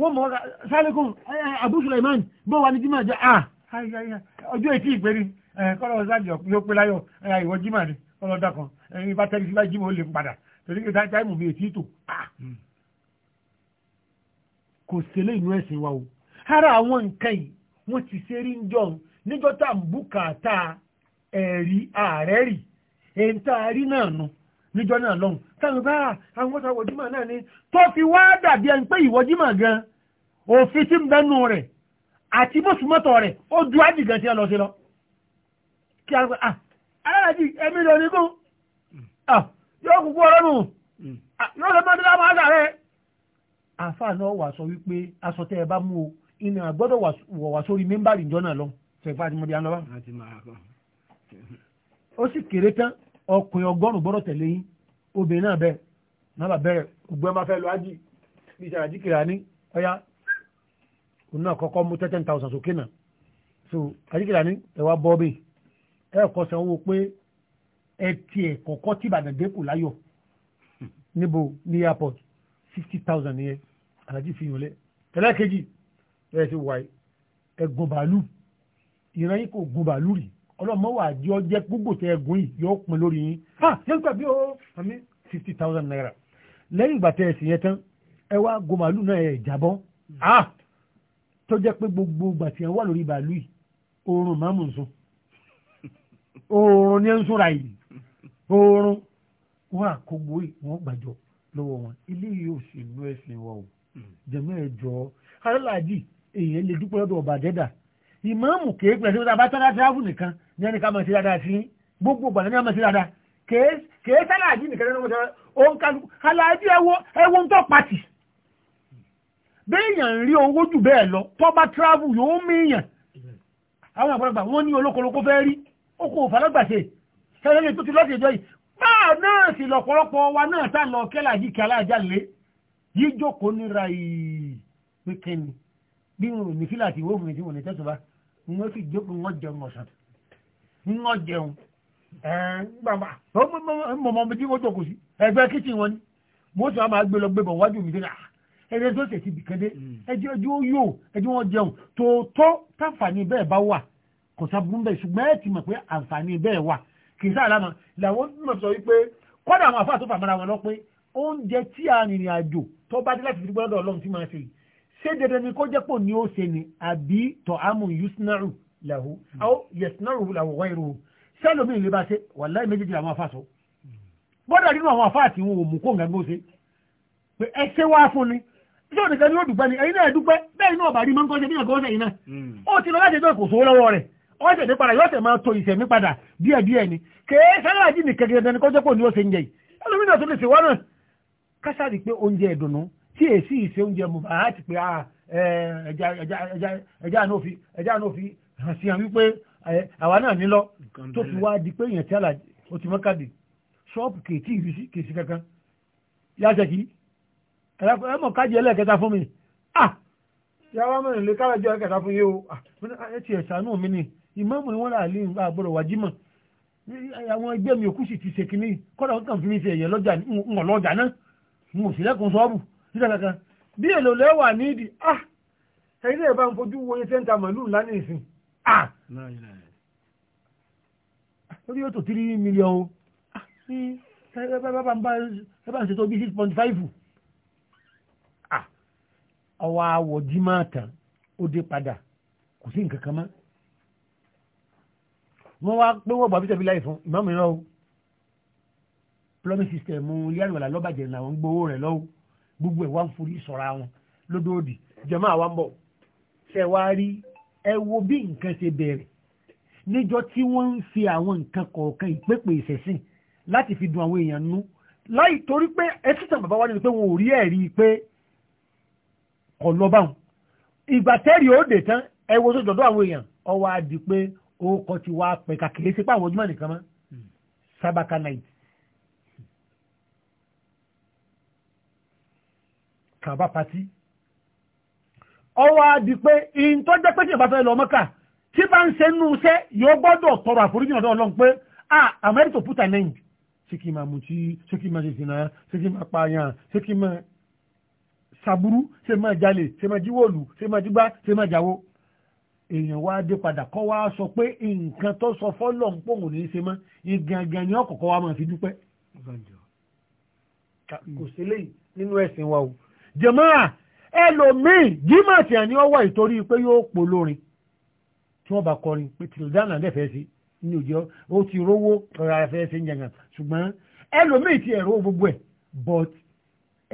wọ́n mọ̀ sálẹ́kùn eh, eh, Abu Sulaiman bó wà ní jimá jẹ́ à ah, ọjọ́ ètí ìgbéri eh, kọ́lọ́ sáàjì yóò pé láyọ̀ ìwọ jimá ni kọ́lọ́ dákan ẹ̀yin bá tẹ́lẹ̀ sí bá jimá ó lè padà torí pé táìmù mi ètí tò ah. hmm. kò ṣẹlẹ̀ inú ẹ̀sìn wa o ara àwọn nǹkan yìí wọ́n ti ṣe rí njọ́ níjọ́ tá à ń bùkátà ẹ̀rí ààrẹ rì èyí tá a rí náà nù. No níjọ́ náà lọ́hùn táwọn bá àwọn wọ́n sọ wọ́jímọ̀ náà ni tó fi wá dàbí ẹni pé ìwọ́jímọ̀ gan òfin tí ń bẹnu rẹ̀ àti bóṣùmọ́tọ̀ rẹ̀ ó ju ájì gan tí ẹ lọ sí lọ kí a gbà ah, aláàjì ẹ̀mí lọ ní kún hmm. ah, yóò kúkú ọlọ́run hmm. ah, yóò lè mọ́tò láwọn àṣà rẹ̀ àfáà náà wà sọ wípé aṣọ tẹ́ ẹ bá mú o iná àgbọ́dọ̀ wọ̀ wá sórí mẹ́mbàrì ìjọ náà lọ sẹ̀fà àti mọ̀dí àná bá ó sì kéré tán ọkùnrin ọgọ́rùn gbọ́dọ̀ tẹ̀lé yín obìnrin náà bẹ́ẹ̀ náà bà bẹ̀rẹ̀ ògbẹ́ máa fẹ́ lọ ájì bí sara jìkìrà ní ọ̀yá òun náà kọ́kọ́ mú ten thousand sókè náà so àjìkìrà ní ẹ̀wà bọ́ọ̀bì ẹ̀ kọ́ san owó pé ẹ tiẹ̀ kọ̀kọ́ tí ìbàdàn dẹ́kù láyọ̀ níbo ní airport sixty thousand nìyẹn alájí fi yàn lẹ ẹlẹ́kejì ẹ̀ ti wáyé ẹ̀gùn bàálù ìran yìí kò gùn bàálù rí ọlọ́mọ wà jẹ́ ọjẹ́ gbogbo tẹ ẹgùn yìí yóò pin lórí yín ha yẹn gbà bí ó àmì fifty thousand naira lẹ́yìn ìgbà tẹ ẹ sì yẹn tán ẹ wá gomalu náà ẹ jábọ́ ha tó jẹ́ pé gbogbo ìgbà tí ẹ wà lórí bàálù yìí oorun máa mú sùn oorun ní ń súnra yìí oorun wọn àkógbó yìí wọn gbàjọ lọ́wọ́ wọn eléyìí ò sì nú ẹ̀sìn wa o jẹ̀mú ẹ̀ jọ aláàjì èèyàn lè dúpẹ́ lọ́dọ̀ ọ̀bàdẹ́dà ìmáàmù kéèpẹ̀ sí wọn tá a bá tẹ́lá tíráfù nìkan ní ẹni ká mọ̀ sí dáadáa sí gbogbo ìgbà ní ọmọ sí dáadáa kèé sálàájì nìkan lọ́wọ́ sọ́rọ́ òun kan aláàjì ẹwọ ẹwọ ń tọ́ pàtì béèyàn rí owó jù bẹ́ẹ̀ lọ tó travel yóò míyàn àwọn àgbàlagbà wọ́n ní olókolókó fẹ́ rí oko òfàlágbàṣe sẹ́lẹ̀ tó ti lọ́sì ìjọ yìí báà náà sì lọ̀pọ̀lọpọ̀ wa náà tá lọ kẹ́làjì kí aláàjá lé yíjókòó nira yìí pé kẹ́ni bí wọn ò ní fílà àti ìwé òfin tí wọn ò ní tẹ́sùn wọn fi jókòó wọn jẹun ọ̀sán ńlọ jẹun gbàgbà mọ̀mọ́ mi tí wọ́n jókòó sí ẹgbẹ́ kíchìn wọn ni mo sì wá gbé lọ gbé bọ̀ wájú mi síra ẹgbẹ́ tó tẹ̀sí bìkẹ́dé ẹjẹ́ ojú ó yò ẹjẹ́ wọn jẹun tòótọ́ táǹfààní bẹ́ẹ̀ bá wà kò sábùkún bẹ́ẹ̀ ṣùgbọ́n ẹ ti mọ̀ pé àǹfààní bẹ́ẹ̀ wà kì í sáàlámà làwọn mọ̀ sọ wípé kọ́dà àwọn àfáà tó fàmọ́ra wọn lọ pé oúnjẹ tí arìnrìn àjò tó bá dé láti fi gbọ́dọ̀ ọlọ́run tí máa ṣe ṣé dandan ni kó jẹ́pọ̀ ni ó ṣe ni àbí tọ́ yusnaru lahu hmm. aw yasna'uhu lahu ghayruhu sẹ́lómi ìlú bá ṣe wàláhì méjèèjì àwọn afá sọ hmm. bọ́dà nínú àwọn afá àti wọn ò mú kó nǹkan gbó ṣe pé ẹ ṣe wá fún ni yóò nìkan ni ó dùgbẹ́ ni ẹ̀yin náà dúpẹ́ bẹ́ẹ̀ inú ọ̀bà rí máa ń kọ́ ṣe bí ẹ̀kọ́ ṣe yìí náà hmm. ó ti lọ láti ẹjọ́ kò sówó lọ́wọ́ rẹ̀ ó ṣẹ̀dé padà yóò ṣẹ̀ máa to ìṣẹ̀mí padà díẹ̀ díẹ̀ ni kèé sáláà jì ní kẹ̀kẹ́ dandan hàn sí hàn wípé àwa náà nílọ tó fi wá di pé èèyàn tí àlàjì ó ti mọ́kàdì ṣọ́ọ̀pù kèétí ìrísí kèsì kankan yáṣẹ́ kí ẹ mọ̀ kájí ẹlẹ́ẹ̀kẹta fún mi ah yàrá mẹ́rin lè kárẹ̀jọ́ ẹ̀kẹta fún yé o ẹ ti ẹ̀sánú mi ni ìmáàmù ni wọ́n rà lé nígbà àgbọ̀rọ̀ wájímọ̀ àwọn ẹgbẹ́ mi òkú sì ti ṣe kínní kọ́dà ó kàn fi mi ṣe ẹ̀yẹ lọ́jà ń lọ́jà náà ah ẹ̀yin náà bá ń fojú wo iye sẹ́ńtà màlúù ah lórí yóò tó three million Ah, ní bàbá ń ṣètò bí six point five ah ọwọ́ àwọ̀ jimá tán ó dé padà kò sí nǹkan kan mọ́ wọ́n wá pé wọ́n bàbí tẹ̀bí láì fún ìmọ̀mù ìrọ̀ o plumbing system ilé àgbàlá lọ́bàjẹ́ làwọn gbowó rẹ̀ lọ́wọ́ gbogbo ẹ̀ wá ń forí sọ̀ra wọn lódòdì jẹ̀mọ́ àwa ń bọ̀ ṣe wá rí ẹ wo bí nǹkan ṣe bẹ̀rẹ̀ níjọ́ tí wọ́n ń fi àwọn nǹkan kọ̀ọ̀kan ìpépè ìṣẹ̀sìn láti fi dùn àwọn èèyàn nú láì torí pé ẹtítàn bàbá wa nínú pé wọn ò rí ẹ̀rí pé kọ̀ lọ báwọn ìgbà tẹ́rì ó dè tán ẹ wo tó dọ̀dọ̀ àwọn èèyàn ọwọ́ á di pé ó ti wá pẹ̀ kàkiri sí pàwọn ojúmọ́ nìkan mọ́ sábàkà náà kàbá pati ọwọ́ adi pé ìtọ́jọ́ pé tí ìbá fẹ́ lọ mọ́kà tí bá ń ṣe nú iṣẹ́ yóò gbọ́dọ̀ tọrọ àforíjì ọ̀dọ̀ Ọlọ́run pé ah amẹ́rì tó pútà nẹ́yìn ṣé kí n máa mutí ṣé kí n máa ṣe ìsìnà ṣé kí n máa pààyàn ṣé kí n máa ṣàbúrú ṣé máa jalè ṣé máa jíwòlù ṣé máa jígbá ṣé máa jáwó èèyàn wá dé padà kọ́ wá sọ pé nǹkan tó sọ fọ́lọ̀ ń pòun ní í ṣe mọ́ ìgangan ni ọkọ̀ọ̀kọ̀ wa máa fi dúpẹ́. kò sí lè nínú ẹ̀sìn wa o. jàmáà ẹlòmíì jímọ̀tì àní ọwọ ìtorí pé yóò pò lórin tí wọ́n bá kọrin pé tìlódánà dẹ̀ sí ní òjò ó ti rówó rárá fẹ́ sí yàngàn ṣùgbọ́n ti ẹ̀rọ gbogbo ẹ̀ but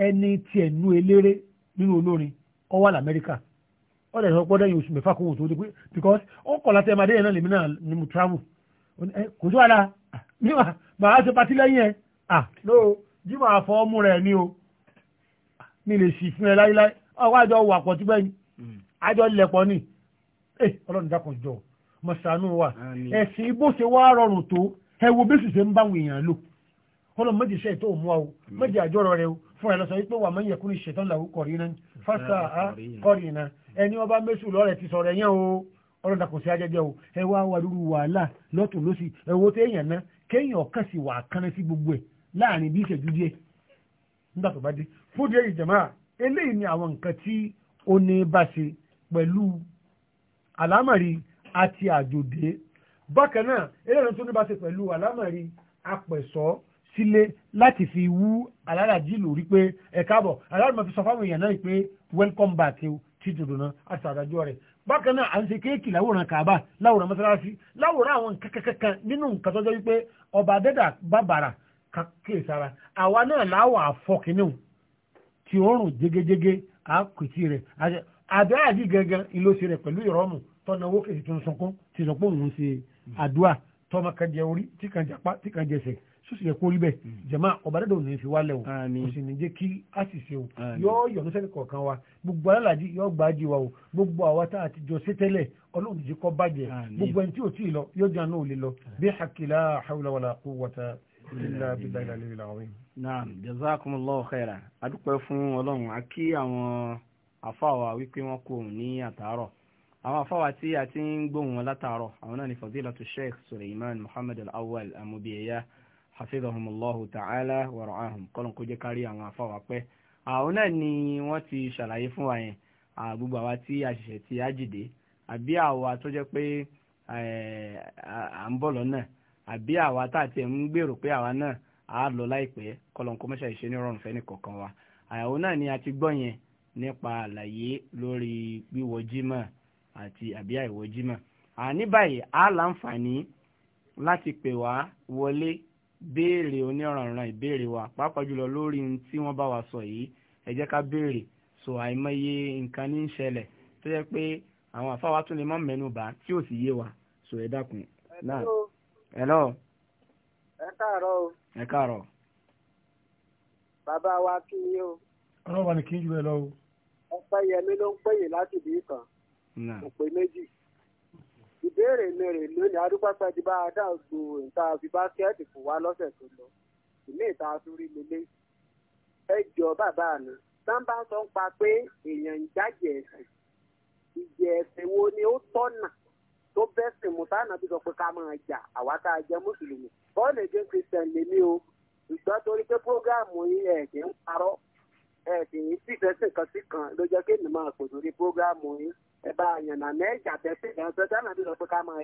ẹni ti ẹ̀nu eléré nínú olórin ọwọ́ l'Amẹ́ríkà ó sọ oṣù mẹ́fà kó tó dé pé because ó kọ̀ láti náà lèmi náà ni mo travel eh, kò ah, níwà màá ṣe patí ọwọ́ àjọ wà pọ̀ tí bẹ́yìn àjọ hmm. lẹ̀pọ̀ ni eh, ọlọ́run dákun jọ mọ̀sánú wa ẹ̀sìn bó ṣe wá rọrùn tó ẹ wo bí ṣùṣe ń bá àwọn èèyàn lò ọlọ́run méjì ṣe tó mú o méjì àjọ rọ rẹ o fún ẹ lọ́sọ wípé wà máa ń yẹkùn ìṣètàn làwọn kọ̀rí kọ̀rí ẹni lọ́rẹ̀ ti wà wàhálà lọ́sì eléyìí ni àwọn nǹkan tí ó ní bá ṣe pẹ̀lú àlámọ̀rí àti àjòdè bákan náà eléyìí tó ní bá ṣe pẹ̀lú àlámọ̀rí apẹ̀sọ́ sílé láti fi wú alárajì lórí pé ẹ káàbọ̀ alárajì fi sọ fáwọn èèyàn náà pé welcome back tí dòdò náà àti àdájọ́ rẹ̀ bákan náà à ń ṣe kéèkì láwòrán kàbá láwòrán mọ́sálásí láwòrán àwọn kankankan nínú nǹkan tó jẹ́ wípé ọba adẹ́dà bàbàrà kéèsára àwa náà láwọ̀ àfọkínú tí ó rùn jégéjégé á kùtì rẹ̀ àdúrà yìí gangan ìlò ṣe rẹ̀ pẹ̀lú ìrọ́mù tọ́nà owó èsì tó ń sọkún ti sọ pé òun ṣe àdúrà tọmọ kan jẹ orí tí kan jẹ apá tí kan jẹ ẹsẹ̀ sọ́sì yẹ kó rí bẹ́ẹ̀ hmm. jẹ̀má ọ̀bàdàdà òní fi wálẹ̀ o kò sì ní jẹ́ kí a sì ṣe o yóò yọ̀nù sẹ́ni kọ̀ọ̀kan wa gbogbo alálàájì yóò gbáàjì wa o gbogbo àwa tá a ti jọ sí tẹ́lẹ̀ ọlọ́run ti kọ́ bàjẹ́ gbogbo ẹni tí ò tí lọ yóò àná ò lè lọ bí hakila hawla wala quwwata illa billahi naam jazakumullahu khaira adúpẹ́ fún ọlọ́run a kí àwọn afáwa wípé wọ́n kò ní àtàárọ̀ àwọn afáwa tí a ti ń gbóhùn wọn látàárọ̀ àwọn náà ni fadilatu sheikh suleiman muhammad al-awwal amubiyeya hafizahumullahu ta'ala wa ra'ahum kọ́lọ́n kó jẹ́ kárí àwọn afáwa pẹ́ àwọn náà ni wọ́n ti ṣàlàyé fún wa yẹn gbogbo àwa tí a ṣẹ̀ṣẹ̀ ti á jìde àbí àwa tó jẹ́ pé à ń bọ̀ lọ́nà àbí àwa tá a ti ń gbèrò pé àwa náà á lọ láìpẹ́ kọlọńkọmọṣà ìṣe ní ọrọrùn fẹni kọ̀ọ̀kan wa àyàwó náà ni a ti gbọ́ yẹn nípa àlàyé lórí wíwọ̀ jímọ̀ àti àbí àìwọ̀ jímọ̀ àní báyìí á láǹfààní láti pè wá wọlé béèrè onírànran ìbéèrè wa pàápàá jùlọ lórí ohun tí wọ́n bá wa sọ yìí ẹ jẹ́ ká béèrè so àìmọye nǹkan ní í ṣẹlẹ̀ tó yẹ pé àwọn àfáwá tún lè má mẹ́nu bà tí ò sì yé wa so ẹ dákun náà. ẹ ẹ káàárọ̀ o ẹ káàárọ̀. bàbá wa kí ni o. ọlọ́run wa ni kí n jù bẹ́ẹ̀ lọ o. ọpẹ́ yẹmi ló ń péye láti ibi kan òpè méjì ìbéèrè mi rè lónìí adúpẹ́pẹ́ ti bá a dá oṣù ìta fi báskẹ́ẹ̀tì fún wa lọ́sẹ̀ tó lọ ìmí ìta sórí lélẹ̀ ẹ jọ bàbá mi sábà sọ ń pa pé èèyàn ń jájẹ ẹ̀sìn ìjẹ ẹ̀sìn wo ni ó tọ́nà tó bẹ́sìn mu táwọn àbí sọ pé ká máa jà àwa tá a jẹ́ mùsùlùmí bọ́ọ̀lù èdè christian lèmi o ìgbà torí pé prógráàmù yìí ẹ̀ẹ́dẹ̀ ń parọ́ ẹ̀ẹ́dẹ̀ yìí sì kan sí kan ló jẹ́ kí ènìyàn máa yìí bá a yànnà mẹ́jà bẹ́sìn gan táwọn àbí sọ pé ká máa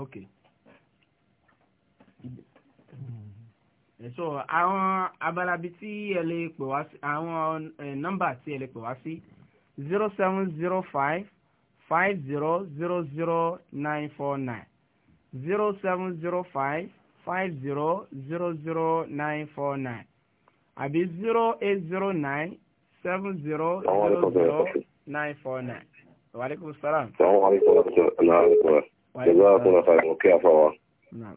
jà so àwọn abalabi tí ẹ lè pè wá sí àwọn nọ́mbà tí ẹ lè pè wá sí zero seven zero five five zero zero zero nine four nine zero seven zero five five zero zero zero nine four nine àbí zero eight zero nine seven zero zero zero nine four nine. waaleykum salaam. salaamaleykum wa rahmatulah. jazakumullah khairan kí a fa wa. naam.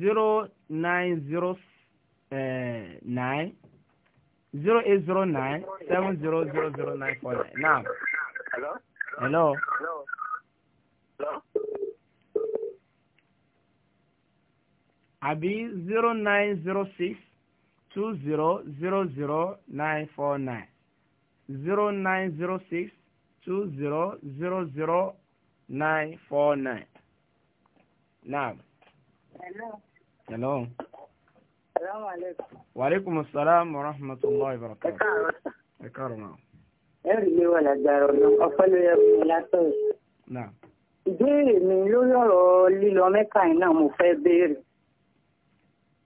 zero nine zero uh, nine zero eight zero nine seven zero zero zero nine four nine. Now. Hello. Hello. Hello. Hello. Abi zero nine zero six two zero zero zero nine four nine zero nine zero six two zero zero zero nine four nine. Now. Hello. Hello. Assalamu alaikum. Wa alaikum assalam wa rahmatullahi wa barakatuh. Ẹ káàárọ̀. Ẹ káàárọ̀ náà. Ẹ̀rì mi wà lágbára ọ̀nà ọ̀pẹ́ ló yẹ fún látọ̀. Ìbéèrè mi lórí ọ̀rọ̀ lílọ Mẹ́kà yìí náà mo fẹ́ béèrè.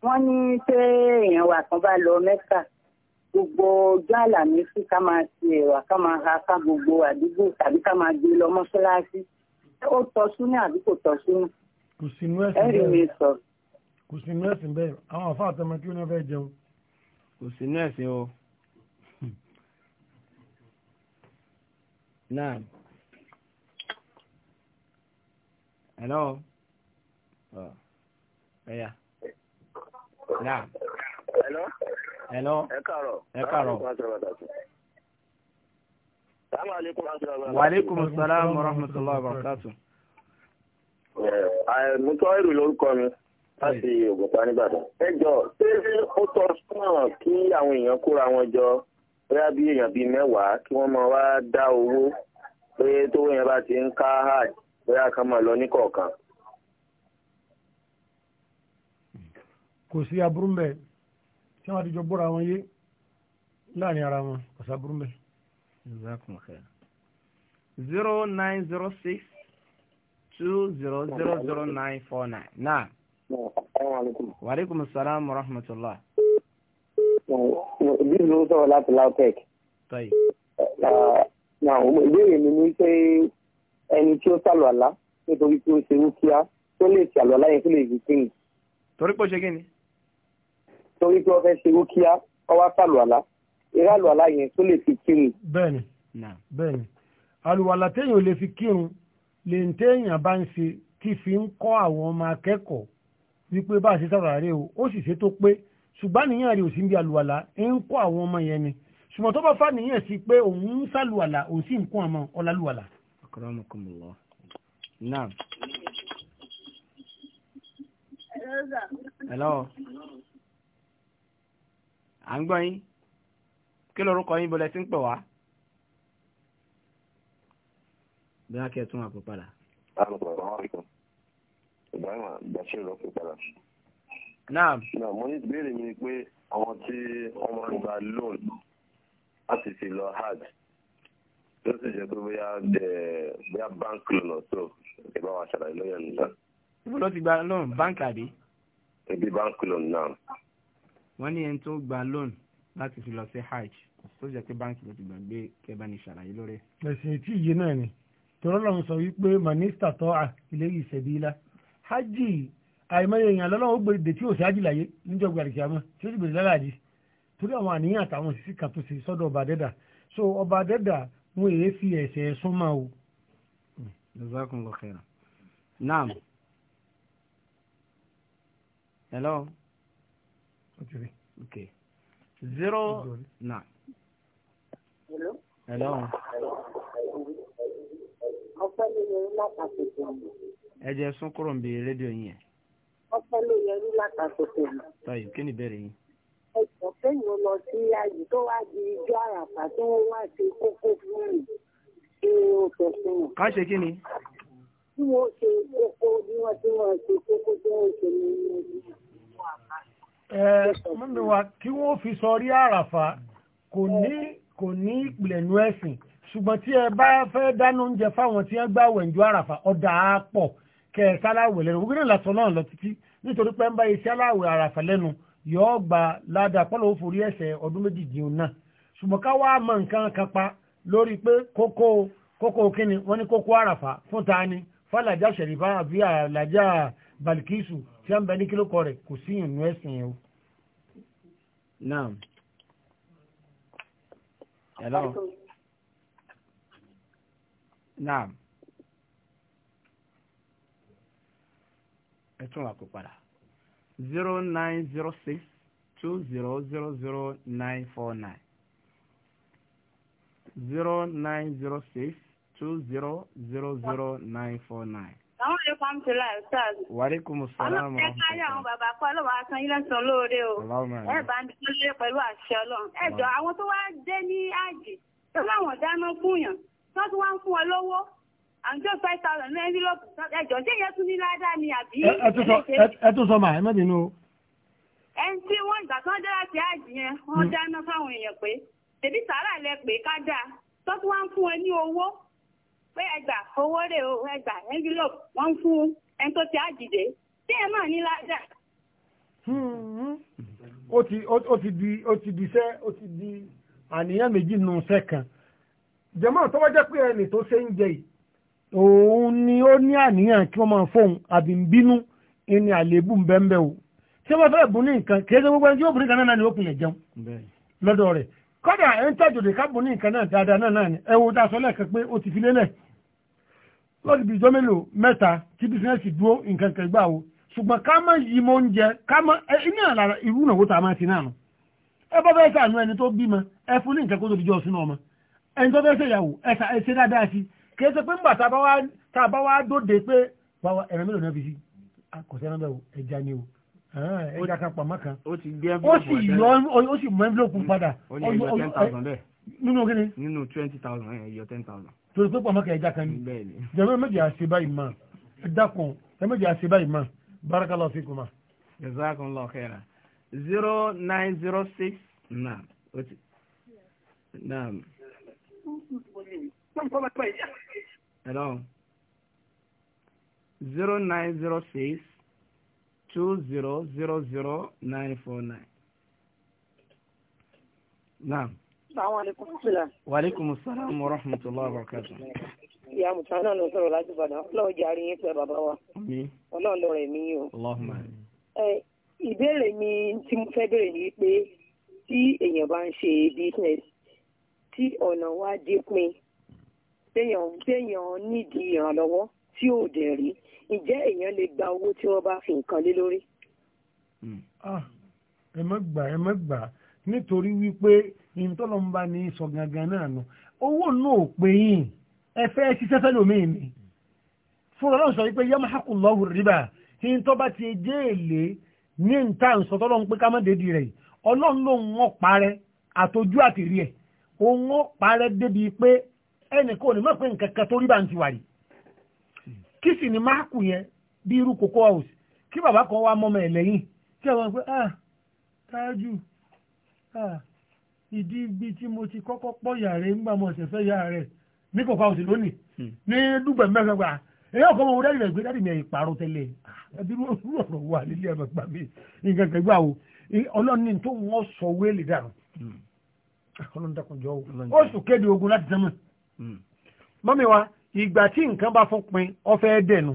Wọ́n ní pé èèyàn wà kan bá lọ Mẹ́kà gbogbo ọjọ́ àlàmísì ká máa ṣe ẹ̀wà ká máa ha ká gbogbo àdúgbò tàbí ká máa gbé lọ mọ́ṣáláṣí. Ó tọ́ súnú àbí kò tọ́ súnú? kò sínú ẹ̀sìn bẹ́ẹ̀ kò sínú ẹ̀sìn bẹ́ẹ̀ àwọn àfa àtọmọ kí wọ́n fẹ́ jẹun. kò sínú ẹ̀sìn o. náà hello oh. ẹ̀yà náà. hello. hello. ẹ kàárọ̀. ẹ kàárọ̀. Wa alaikum assalam wa rahmatullahi wa barakatuh. Mùtọ́rù lórúkọ mi láti Ògùnpa nìbàdàn. Ẹ jọ ṣé ó tọ́ sọ́nà kí àwọn èèyàn kóra wọn jọ bóyá bí èèyàn bíi mẹ́wàá kí wọ́n máa wá dá owó pé tówó yẹn bá ti ń ká hajj bóyá kan máa lọ níkọ̀ọ̀kan. Kò sí aburú mbẹ tí wọ́n ti jọ bóra wọn yé láàrin ara wọn kò sí aburú mbẹ. zero nine zero six. two zero zero zero nine four nine náà. wa aleykum salaam wa rahmatulah. bí mo sọ̀rọ̀ láti LAUTECH. Eh, eh, ìbéèrè mi ni pé ẹni tí ó sàlù àlá nítorí pé ó ṣe wúkíá tó lè sàlù àlá tó lè fi kíni. torí pé ó ṣe kí ni. torí pé ó fẹ́ ṣe wúkíá ó wá sàlù àlá ìràlù àlá yẹn tó lè fi kíni. bẹ́ẹ̀ni bẹ́ẹ̀ni àlùwàlà téèyàn lè fi kírun lè ń téèyàn bá ń ṣe tí fi ń kọ́ àwọn ọmọ akẹ́kọ̀ọ́ wípé bá a ṣe sára rẹ o ó sì ṣe tó pé ṣùgbọ́n níyàn rẹ ò sí ń bí àlùwàlà ń kọ́ àwọn ọmọ yẹn ni ṣùgbọ́n tó bá fà níyàn sí pé òun ń sàlùwàlà òun sì ń kún àmọ́ ọ̀làlùwàlà. akramakumullah yín kí lorúkọ yín bọ́lẹ̀ sí ń pè wá. bí a kẹ́ tún àpò padà. Naam. Naam, mo ní ìbéèrè mi ni pé àwọn tí wọ́n máa ń gba loan láti fi lọ hajj tó sì jẹ́ pé bóyá bóyá bank loan ọ̀tọ̀ ìbá wa ṣàlàyé lọ́yà nìkan. Ibo ló ti gba loan bank àbí? Ibi bank loan náà. Wọ́n ní ẹni tó gba loan láti fi lọ sí hajj tó sì jẹ́ pé báńkì ló ti gbàgbé kẹ́ lórí. Ẹ̀sìn ìtì yìí náà ni. tọ́lọ́run sọ wípé manista tọ́ra ilé ìṣẹ̀bílá hajj àìmọye èèyàn lọ́lọ́run ó gbèrèdè tí ò sí hajj láyé níjọba àdìsíàmọ́ tí ó sì gbèrèdè lálàájì torí àwọn àníyàn àtàwọn òṣìṣẹ́ kan tó ṣe sọ́dọ̀ ọba àdẹ́dà so ọba àdẹ́dà wọn èé fi máa naam hello zero hello. hello. ọpẹ́ ló yẹ yín látàkùkù mi. ẹ jẹ́ sún kúrò ń bi rédíò yín yẹn. ọpẹ́ ló yẹ yín látàkùkù mi. tayọ kí ni ìbéèrè yín. ẹ jọ kéèyàn lọ sí ayé tó wá di ijó àràfà tí wọn wá sí kókó fún mi ṣé o sọ fún mi. ká ṣe kí ni. bí wọ́n ṣe kókó bí wọ́n ti wọ́n ṣe kókó bí wọ́n ṣe ní ilé mọ́mí wa kí wọ́n fi sọ rí àràfà kò ní ìpìlẹ̀ nú ẹ̀sìn ṣùgbọ́n tí ẹ bá fẹ́ dáná oúnjẹ fáwọn tí wọ́n gbà wẹ̀njú àràfà ọ̀dà á pọ̀ kẹ ẹ sáláwẹ̀ lẹ́nu gbogbo náà lásán náà lọ títí nítorí pé ń bá iṣẹ́ aláwẹ̀ àràfà lẹ́nu yọ̀ọ́ gba ládàá pọ́lọ́ ó forí ẹ̀sẹ̀ ọdún méjìdínlógún náà ṣùgbọ́n ká wá mọ nǹkan kan pa lórí pé kókó kókó kíni wọ́n ní kókó àràfà fún ta ni fàlàjà ṣẹ̀rífà àbí àlàjà balikisu tí wọ́n bẹ ní kílókọ rẹ̀ Hello naam ẹ tún wà kó padà zero nine zero six two zero zero zero nine four nine zero nine zero six two zero zero zero nine four nine. Àwọn olùkọ́m ti la ẹ̀sán. ẹ̀ka yà àwọn bàbá kọ́ ọlọ́wọ́ asan yín lẹ́sàn-án lóore o. Ẹ bá ń dúró lé pẹ̀lú àṣẹ Ọlọ́run. Ẹ jọ àwọn tó wá dé ní àjì tó láwọn dáná fún yàn tán tí wọ́n ń fún ọ lówó àǹjọ́ five thousand ní envelope ẹjọ́ ṣé yẹn tún ní ládàá ni àbí. ẹ tún sọ màá ẹ má bínú o. ẹni tí wọ́n ìgbà kan dé láti àjì yẹn wọ́n hmm. dáná fáwọn èèyàn pé tèmi sàárà lẹ pé ká dáa tó tún wọ́n ń fún ọ ní owó pé ẹgbà owó rè o ẹgbà envelope wọ́n ń fún ẹni tó ti àjìdé ṣé ẹ máa ní ládàá. Hmm. ó ti di iṣẹ́ ó ti di àníyàn méjì nù sẹ́kàn jẹ̀mọ́ tó wájẹ́ pé ẹni tó ṣe ń jẹ yìí òun ni ó ní àníyàn kí wọ́n máa fóun àbí ń bínú ẹni àléébù ń bẹ́ẹ̀ bẹ́ẹ̀ o tí wọ́n fẹ́ bùn ní nǹkan kì í ṣe gbogbo ẹni tí yóò bùn ní nǹkan náà ni ó kun lè jẹun lọ́dọ̀ rẹ̀ kọ́dà ẹni tẹ́jọ̀dẹ̀ ká bùn ní nǹkan náà dáadáa náà náà ni ẹ wo dáa sọ lẹ́ẹ̀kan pé ó ti fi lélẹ̀ lọ́dún bíi jọ́mélòó mẹ́ta tí bísíǹsì dúró nǹkan kan gbà o ṣùgbọ́n ká má yí mo ń ká má iná àlàrà irú ìnáwó tá a máa ti náà nù ẹ bọ́ fẹ́ sàánú ẹni tó bímọ ẹ fún ní nǹkan kó tó fi jọ́ sínú ọmọ ẹni tó fẹ́ ṣe ìyàwó ẹ̀sà ẹ̀ṣẹ́ dáadáa sí kìí ṣe pé ńgbà tá a bá wá dóde pé báwa ẹ̀rọ mélòó náà fi sí kò sí ẹran bẹ́ẹ̀ o ẹja ni o ẹja kan pàmò kan ó sì yọ ó sì mọ envelope hmm. padà nínú kíni. nínú twenty thousand ẹ̀ yọ ten thousand. torí pé pàmò kan ẹja kan ni jẹ̀mọ́ méjì àṣẹ báyìí mọ́ ẹ dákun ẹ méjì àṣẹ báyìí mọ́ barakallahu fikuma. jazakumullahu khairan zero nine zero six naam naam. Hello. Zero nine zero six two zero zero zero nine four nine. Naam. Wa Waaleykum salaam wa rahmatulah wa barakatu. Ìyá Mùsùlùmí náà ló sọ̀rọ̀ láti Ìbàdàn. Ọlọ́run jẹ́ àárín yín wa. Ọlọ́run lọ rẹ̀ mí o. Allahumma. Ìbéèrè mi tí mo fẹ́ béèrè ni pé tí èèyàn bá ń ṣe business tí ọ̀nà wa dípin téèyàn téèyàn nídìí ìrànlọ́wọ́ tí ò dẹ̀ rí ǹjẹ́ èèyàn lè gba owó tí wọ́n bá fi nǹkan lé lórí. Hmm. Ah, ẹ má gbà ẹ gbà nítorí wípé ìtọ́lọ́mùbá ní sọ gangan náà nù owó náà ò pé yín ẹ fẹ́ ṣiṣẹ́ ni fúnra náà sọ wípé bá ti jẹ́ èlé ní pé ká má dédìí rẹ̀ ọlọ́run wọ́n parẹ́ àtọ́jú ẹ̀. òun ó parẹ́ débi pé ẹnì kò ní kisi ni máàkù yẹn bí irú house kí bàbá kan wá mọ́mọ́ ẹ̀ lẹ́yìn tí àwọn pé ah táájú ah ìdí ibi tí mo ti kọ́kọ́ pọ̀ yà rẹ̀ ńgbà mo rẹ̀ ní house lónìí hmm. ní dùgbẹ̀ gbà ah, èyí ọkọ ọmọ gbé mi ah, wà nílé nǹkan kẹgbà tó sọ wéèlì dànù hmm. ọlọ́dàkùnjọ́ oṣù kéde ogun láti sẹ́mọ̀ hmm. mọ́mi wa ìgbà tí nǹkan bá fún pin ọfẹ́ dẹ̀nu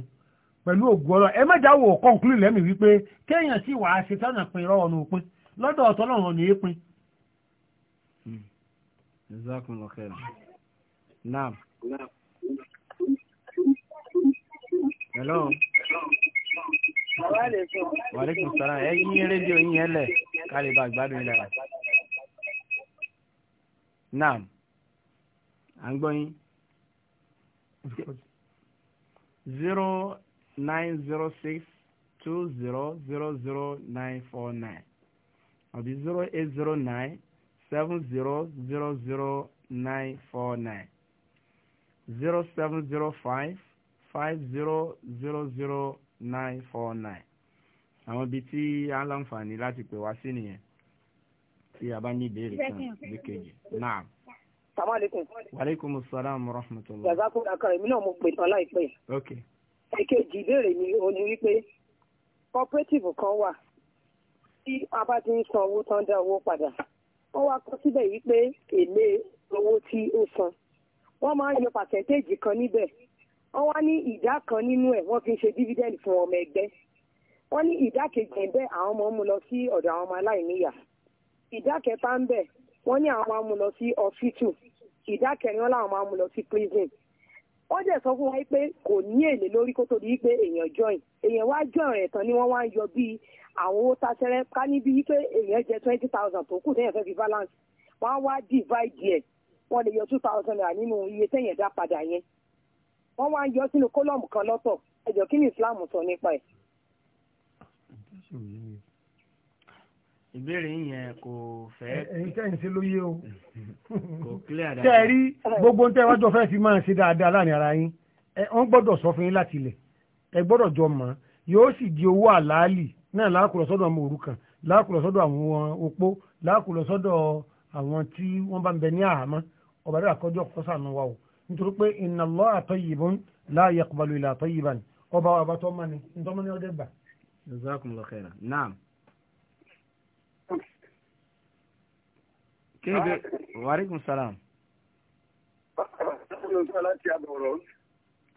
pẹ̀lú ògùn ọlọ́ ẹ mẹ́jà wò kọ́ńkúlù lẹ́mìí wípé kéèyàn sì wàá ṣe tọ́nà pin rọ́ọ̀ nù pin lọ́dọ̀ ọ̀tọ́ lọ́rùn ní pin. Naam. Hello. Wàlékún sára ẹ̀yìn rédíò yín ẹlẹ̀ kárí gbádùn ilẹ̀ rẹ̀ naam à ń gbọ́ yín zero nine zero six two zero zero zero nine four nine àbí zero eight zero nine seven zero zero zero nine four nine zero seven zero five five zero zero zero nine four nine àwọn ibi tí a ń láǹfààní láti pè wá sí nìyẹn tí a bá ní ìbéèrè kan bí kejì náà. sàmàlẹ́kùn. wàlẹ́kùn sàlámù rahmatulah. jazakum akara èmi náà mo pè tán láìpẹ́. ok. èkejì ìbéèrè mi ò ní wípé cooperative kan wà tí a bá ti ń san owó tán dá owó padà wọ́n wá kọ síbẹ̀ wípé èlé owó tí ó san wọ́n máa ń yọ pàṣẹ́ntéèjì kan níbẹ̀ wọ́n wá ní ìdá kan nínú ẹ̀ wọ́n fi ń ṣe dífídẹ́ǹdì fún ọmọ ẹgbẹ́ wọ́n ní ìdá kejì ẹ̀ bẹ́ẹ̀ àwọn ọmọ mú lọ sí ọ̀dọ̀ àwọn ọmọ aláìníyàá ìdá kẹta ń bẹ̀ wọn ní àwọn máa mú lọ sí ọ̀fíìtù ìdá kẹrin wọn làwọn máa mú lọ sí prison wọ́n dẹ̀ sọ fún wa pé kò ní èlé lórí kó tó di pé èèyàn join èèyàn wá join rẹ̀ tán ni wọn wá ń yọ bíi àwọn owó tasẹ́rẹ́ ká níbi pé èèyàn jẹ twenty thousand tó kù téèyàn fẹ́ fi balance wọ́n á wá divide ẹ̀ wọn lè yọ two thousand naira nínú iye téèyàn dá padà yẹn wọn wá ń yọ sínú kólọ́ọ̀mù kan lọ́tọ̀ ẹ̀jọ̀ kí ni Islam sọ nípa ẹ̀. ìbéèrè yẹn kò fẹ́. ẹ̀yin tẹ́yìn ṣe ló yé o. kò clear dáadáa. tẹ́ ẹ rí gbogbo tẹ́ wájú ọ̀fẹ́ fi máa ṣe dáadáa láàrin ara yín ẹ wọ́n gbọ́dọ̀ sọ fún yín láti ilẹ̀ ẹ gbọ́dọ̀ jọ mọ̀ yóò sì di owó àlàálì náà láàkùrọ̀ sọ́dọ̀ àwọn òrukàn láàkùrọ̀ sọ́dọ̀ àwọn opó láàkùrọ̀ sọ́dọ̀ àwọn tí wọ́n bá ń bẹ ní àhámọ́ ọba rẹ̀ àkọ́jọ́ kọ́sànù wa o nítorí pé inna Allaha tayyibun la yaqbalu illa tayyiban ọba wa bá tọ́ mọ́ni ntọ́mọ́ni ọdẹ gbà. jazakumullahu khairan naam. kí ni bẹ́ẹ̀ wàríkùn sálàm.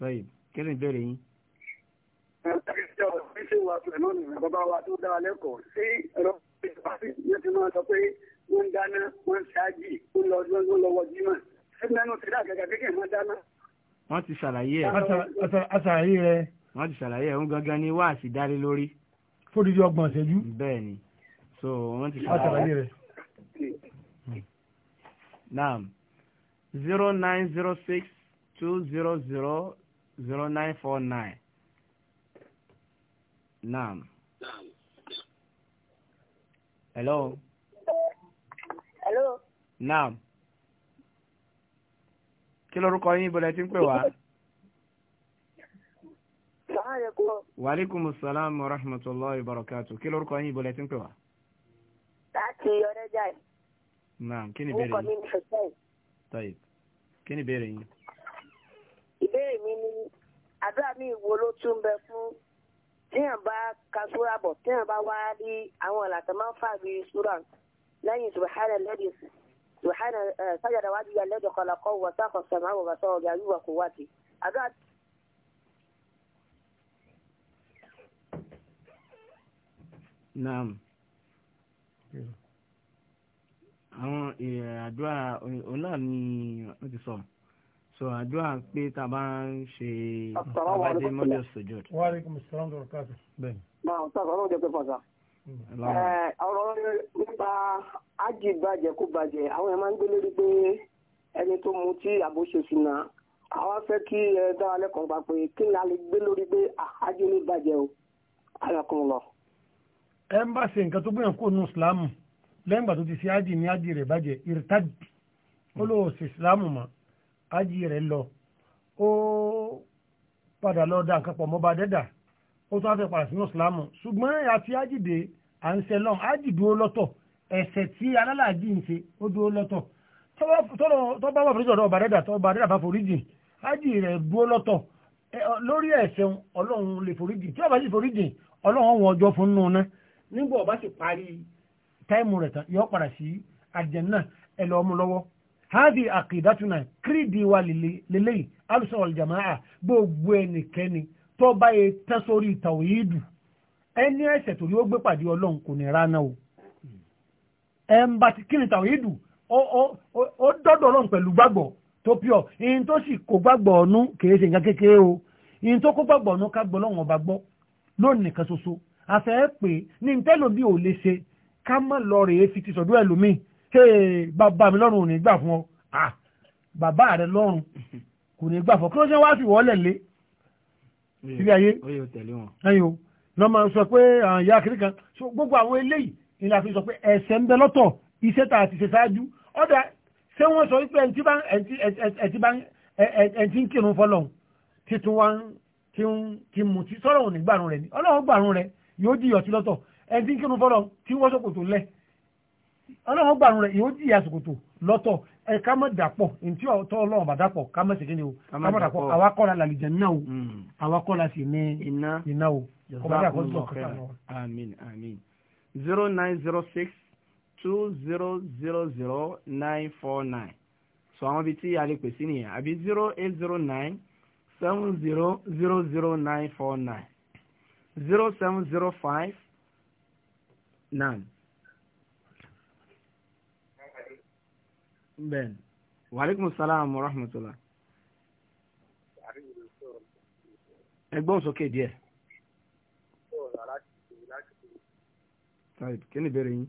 báyìí kí ni ìbéèrè yín. ṣé wà pẹ̀lú ọ̀nà bàbá wa tó dá wa lẹ́kọ̀ọ́ sí ẹ̀rọ ìpàdé yẹn ti máa sọ pé wọ́n ń dáná wọ́n ń ṣáájì ó lọ wọ́n lọ wọ jímọ̀ ṣé mẹ́nu ti dá gẹ́gẹ́ kékeré máa dáná. wọ́n ti ṣàlàyé ẹ̀. aṣàlàyé rẹ̀. wọ́n ti ṣàlàyé ẹ̀ gangan ni wáàsí dárí lórí. fódìdí ọgbọ̀n ṣẹ́jú. bẹ́ẹ̀ ni so wọ́n ti ṣàlàyé rẹ̀ naam zero nine zero six two zero zero zero nine four nine naam. hello. hello. naam. kí lorúkọ yín bọ̀lẹ̀ tí ń pè wá. Wàlékùmù sàlámù rahmatullahi barakatuh. Kí lórúkọ yín ìbọ̀lẹ̀ tí ń pè wá? Láti Ọ̀rẹ́jà yìí naam kí ni ìbéèrè yín. orúkọ mi ni hussein. tayyib kí ni ìbéèrè yín. ìbéèrè mi ni àdúrà mi wo ló tún bẹ fún téèyàn bá ka súra bọ̀ téèyàn bá wá rí àwọn ìlànà máa ń fà bí súra lẹ́yìn subahana lẹ́dí subahana sájàdá wájú ya lẹ́dí kọlọ́kọ́ wọ sáfọ̀ sàmà wọ̀ bàtà ọ̀gá yíwọ̀ kó wá ti. àdúrà. naam. àwọn eh, àdúrà òun náà ni wọ́n ti sọ so àdúrà pé tá a bá ń ṣe àbájé mọ́jọ́ sojod. wa alaikum assalam wa rahmatullahi. bẹ́ẹ̀ni. máa ń sàkóso ọlọ́run jẹ́ pé fọ́sà. ọ̀rọ̀ nípa ájì bàjẹ́ kó bàjẹ́ àwọn ẹ̀ máa ń gbé lórí pé ẹni tó mu tí àbó ṣe sí náà àwa fẹ́ kí ẹ dára lẹ́kọ̀ọ́ gbà pé kí ni a lè gbé lórí pé ájì ní bàjẹ́ o alákùn lọ. ẹ ń bá ṣe nǹkan tó gbìyànjú kó nù lẹ́yìn ìgbà tó ti ṣe ájì ní ájì rẹ̀ bàjẹ́ irtad ó lò sí islam mọ́ ájì rẹ̀ lọ ó padà lọ da nǹkan pọ̀ mọ́ bá dẹ́dà ó tún á fẹ́ padà sínú islam ṣùgbọ́n àti ájì dé à ń ṣe lọ́n ájì dúró lọ́tọ̀ ẹ̀sẹ̀ tí alálàájì ń ṣe ó dúró lọ́tọ̀ tó bá wà foríjì ọ̀dọ̀ ọba dẹ́dà tó ọba dẹ́dà bá foríjì ájì rẹ̀ dúró lọ́tọ̀ lórí ẹ̀sẹ̀ ọlọ́run lè foríjì tí ọba sì foríjì ọlọ́run wọn ọjọ́ fún nù náà nígbà ọba sì parí táìmù rẹ̀ si padà sí àjẹ́nà ẹ lọ wa lélẹ́yìn alùsọ̀ ọ̀lùjàmáà gbogbo ẹnikẹ́ni tó bá yẹ tán sórí tàwíìdù ẹni ẹsẹ̀ torí ó gbé pàdé kò ní o ẹ ń bá ti kíni tàwíìdù ó dọ́dọ̀ ọlọ́run pẹ̀lú tó o ìyìn tó kó gbàgbọ́ ọba gbọ lónìí ṣoṣo àfẹ́ pé ní ká mọ̀ lọ rèé fi ti sọ̀dọ̀ ẹlòmíì hey bàbá mi lọ́rùn ò ní gbà fún ọ ah bàbá rẹ lọ́rùn kò ní gbà fún ọ kí ló ṣe wá sí wọ́ọ́lẹ̀ lé sílé ayé ẹ̀yìn o lọ́ máa sọ pé àwọn ìyá kiri kan gbogbo àwọn eléyìí ni la fi sọ pé ẹ̀sẹ̀ ń bẹ lọ́tọ̀ iṣẹ́ tá a ti ṣe ṣáájú ọ̀dà ṣé wọ́n sọ wípé ẹ̀ntì bá ẹ̀ntì bá ẹ̀ntì ń kírun fọlọ́hún títún wá ń tí ń mutí sọ́rọ̀ òní gbàrún rẹ̀ ni ọlọ́run gbàrún rẹ̀ yóò di ìyọ̀tí lọ́tọ̀ ẹni kí n fọlọ tí wọ́n ṣòkòtò lẹ̀ ọlọ́run gbàrún rẹ̀ yóò jìyà ṣòkòtò lọ́tọ̀ ẹ ká mọ̀ dàpọ̀ ntí ọ̀tọ̀ ọlọ́run bá dàpọ̀ ká mọ̀ sèkéde o ká mọ̀ dàpọ̀ àwa kọ́ la làlìjẹ̀ náà o mm. àwa kọ́ la sì ní iná o ọba dàpọ̀ kẹta lọ. àmín àmín zero nine zero six two zero zero zero nine four nine so àwọn ibi tí a lè pè sí nìyẹn àbí zero eight zero nine seven zero zero zero nine four nine zero seven zero five naam bẹ́ẹ̀ wàhálẹ́kùn sálàmù rahmatullah ẹgbọ́n sókè díẹ̀ Taib, kí ni ìbéèrè yín?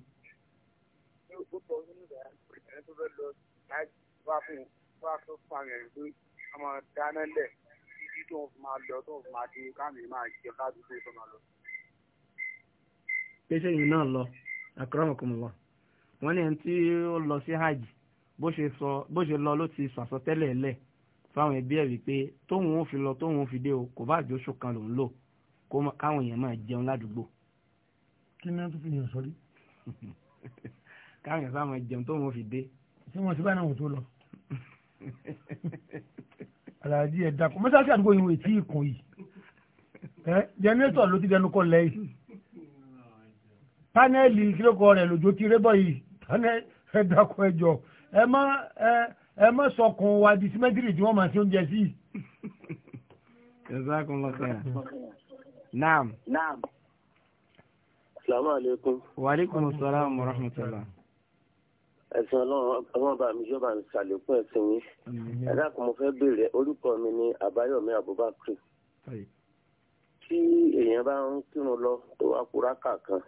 ọmọ dáná lẹ̀ títí tó máa lọ tó máa di káàmì máa jẹ káàdùkú tó máa lọ pé sẹ́yìn náà lọ akramakumullah wọ́n ní ẹni tí ó lọ sí hajj bó ṣe lọ ló ti sàsọtẹ́lẹ̀ lẹ̀ fáwọn ẹbí ẹ̀ wípé tóun ò fi lọ tóun ò fi dé o kò bá àjọṣù kan lòún lò káwọn èèyàn máa jẹun ládùúgbò. kí ni wọ́n tún fi yàn sọ́rí. káwọn èèyàn sáà máa jẹun tóun ò fi dé. ṣé wọn ti bá náà wò tó lọ. aláàjì ẹ̀dá kò mọ́sáàsì àdúgbò yìí wò tí ì kùn yìí. jẹ́nẹ́tọ̀ ló ti dẹnu kọ́ lẹ́yìn pánẹ́ẹ̀lì kílókọ rẹ̀ lòjó ti rébọ̀ yìí ẹ dákun ẹjọ ẹ má ẹ má sọkùn wa di símẹ́tìrì tí wọ́n máa ṣe oúnjẹ sí. jazakumullahu khairan naam. naam. salaamaleykum. wa aleykum salaam wa rahmatulah ẹ̀sìn ọlọ́run ọmọ bá mi yọba ń ṣàlékún ẹ̀sìn yín ẹ̀dá kan mo fẹ́ béèrè orúkọ mi ní àbáyọ̀mí abubakar tí èèyàn bá ń kírun lọ tó wá kúrákà kan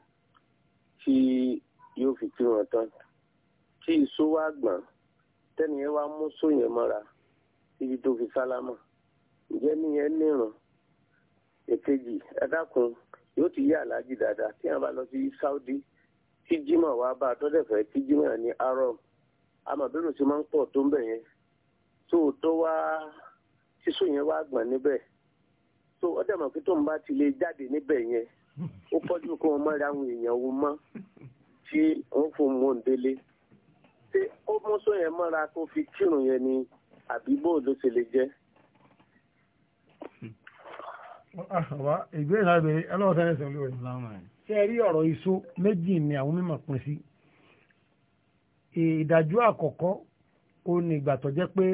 tí yóò fi kí wọn tán tí ìṣó wá gbọ̀n tẹ́nìyẹn wá mú sóyẹn mọ́ra ibi tó fi sálámà ǹjẹ́ níyẹn nírun èkejì yóò ti yí aláàjì dáadáa tí wọn bá lọ Saudi tí bá a tí ní sí máa ń pọ̀ tó ń bẹ̀ yẹn tó tó wá yẹn bá ti jáde níbẹ̀ ó pọ́jú kí wọ́n má rí àwọn èèyàn wo mọ́ tí wọ́n fún un mọ́ ń délé ṣé ó mú sọ yẹn mọ́ra tó fi kírun yẹn ni àbí bó ló ṣe lè jẹ́. àwa ìgbéyàwó náà bẹ̀rẹ̀ ẹlọ́wọ́ sáré sọ lórí ṣé ẹ rí ọ̀rọ̀ iṣu méjì ni àwọn mímọ̀ pín sí ìdájọ́ àkọ́kọ́ ó ní ìgbà tó jẹ́ pé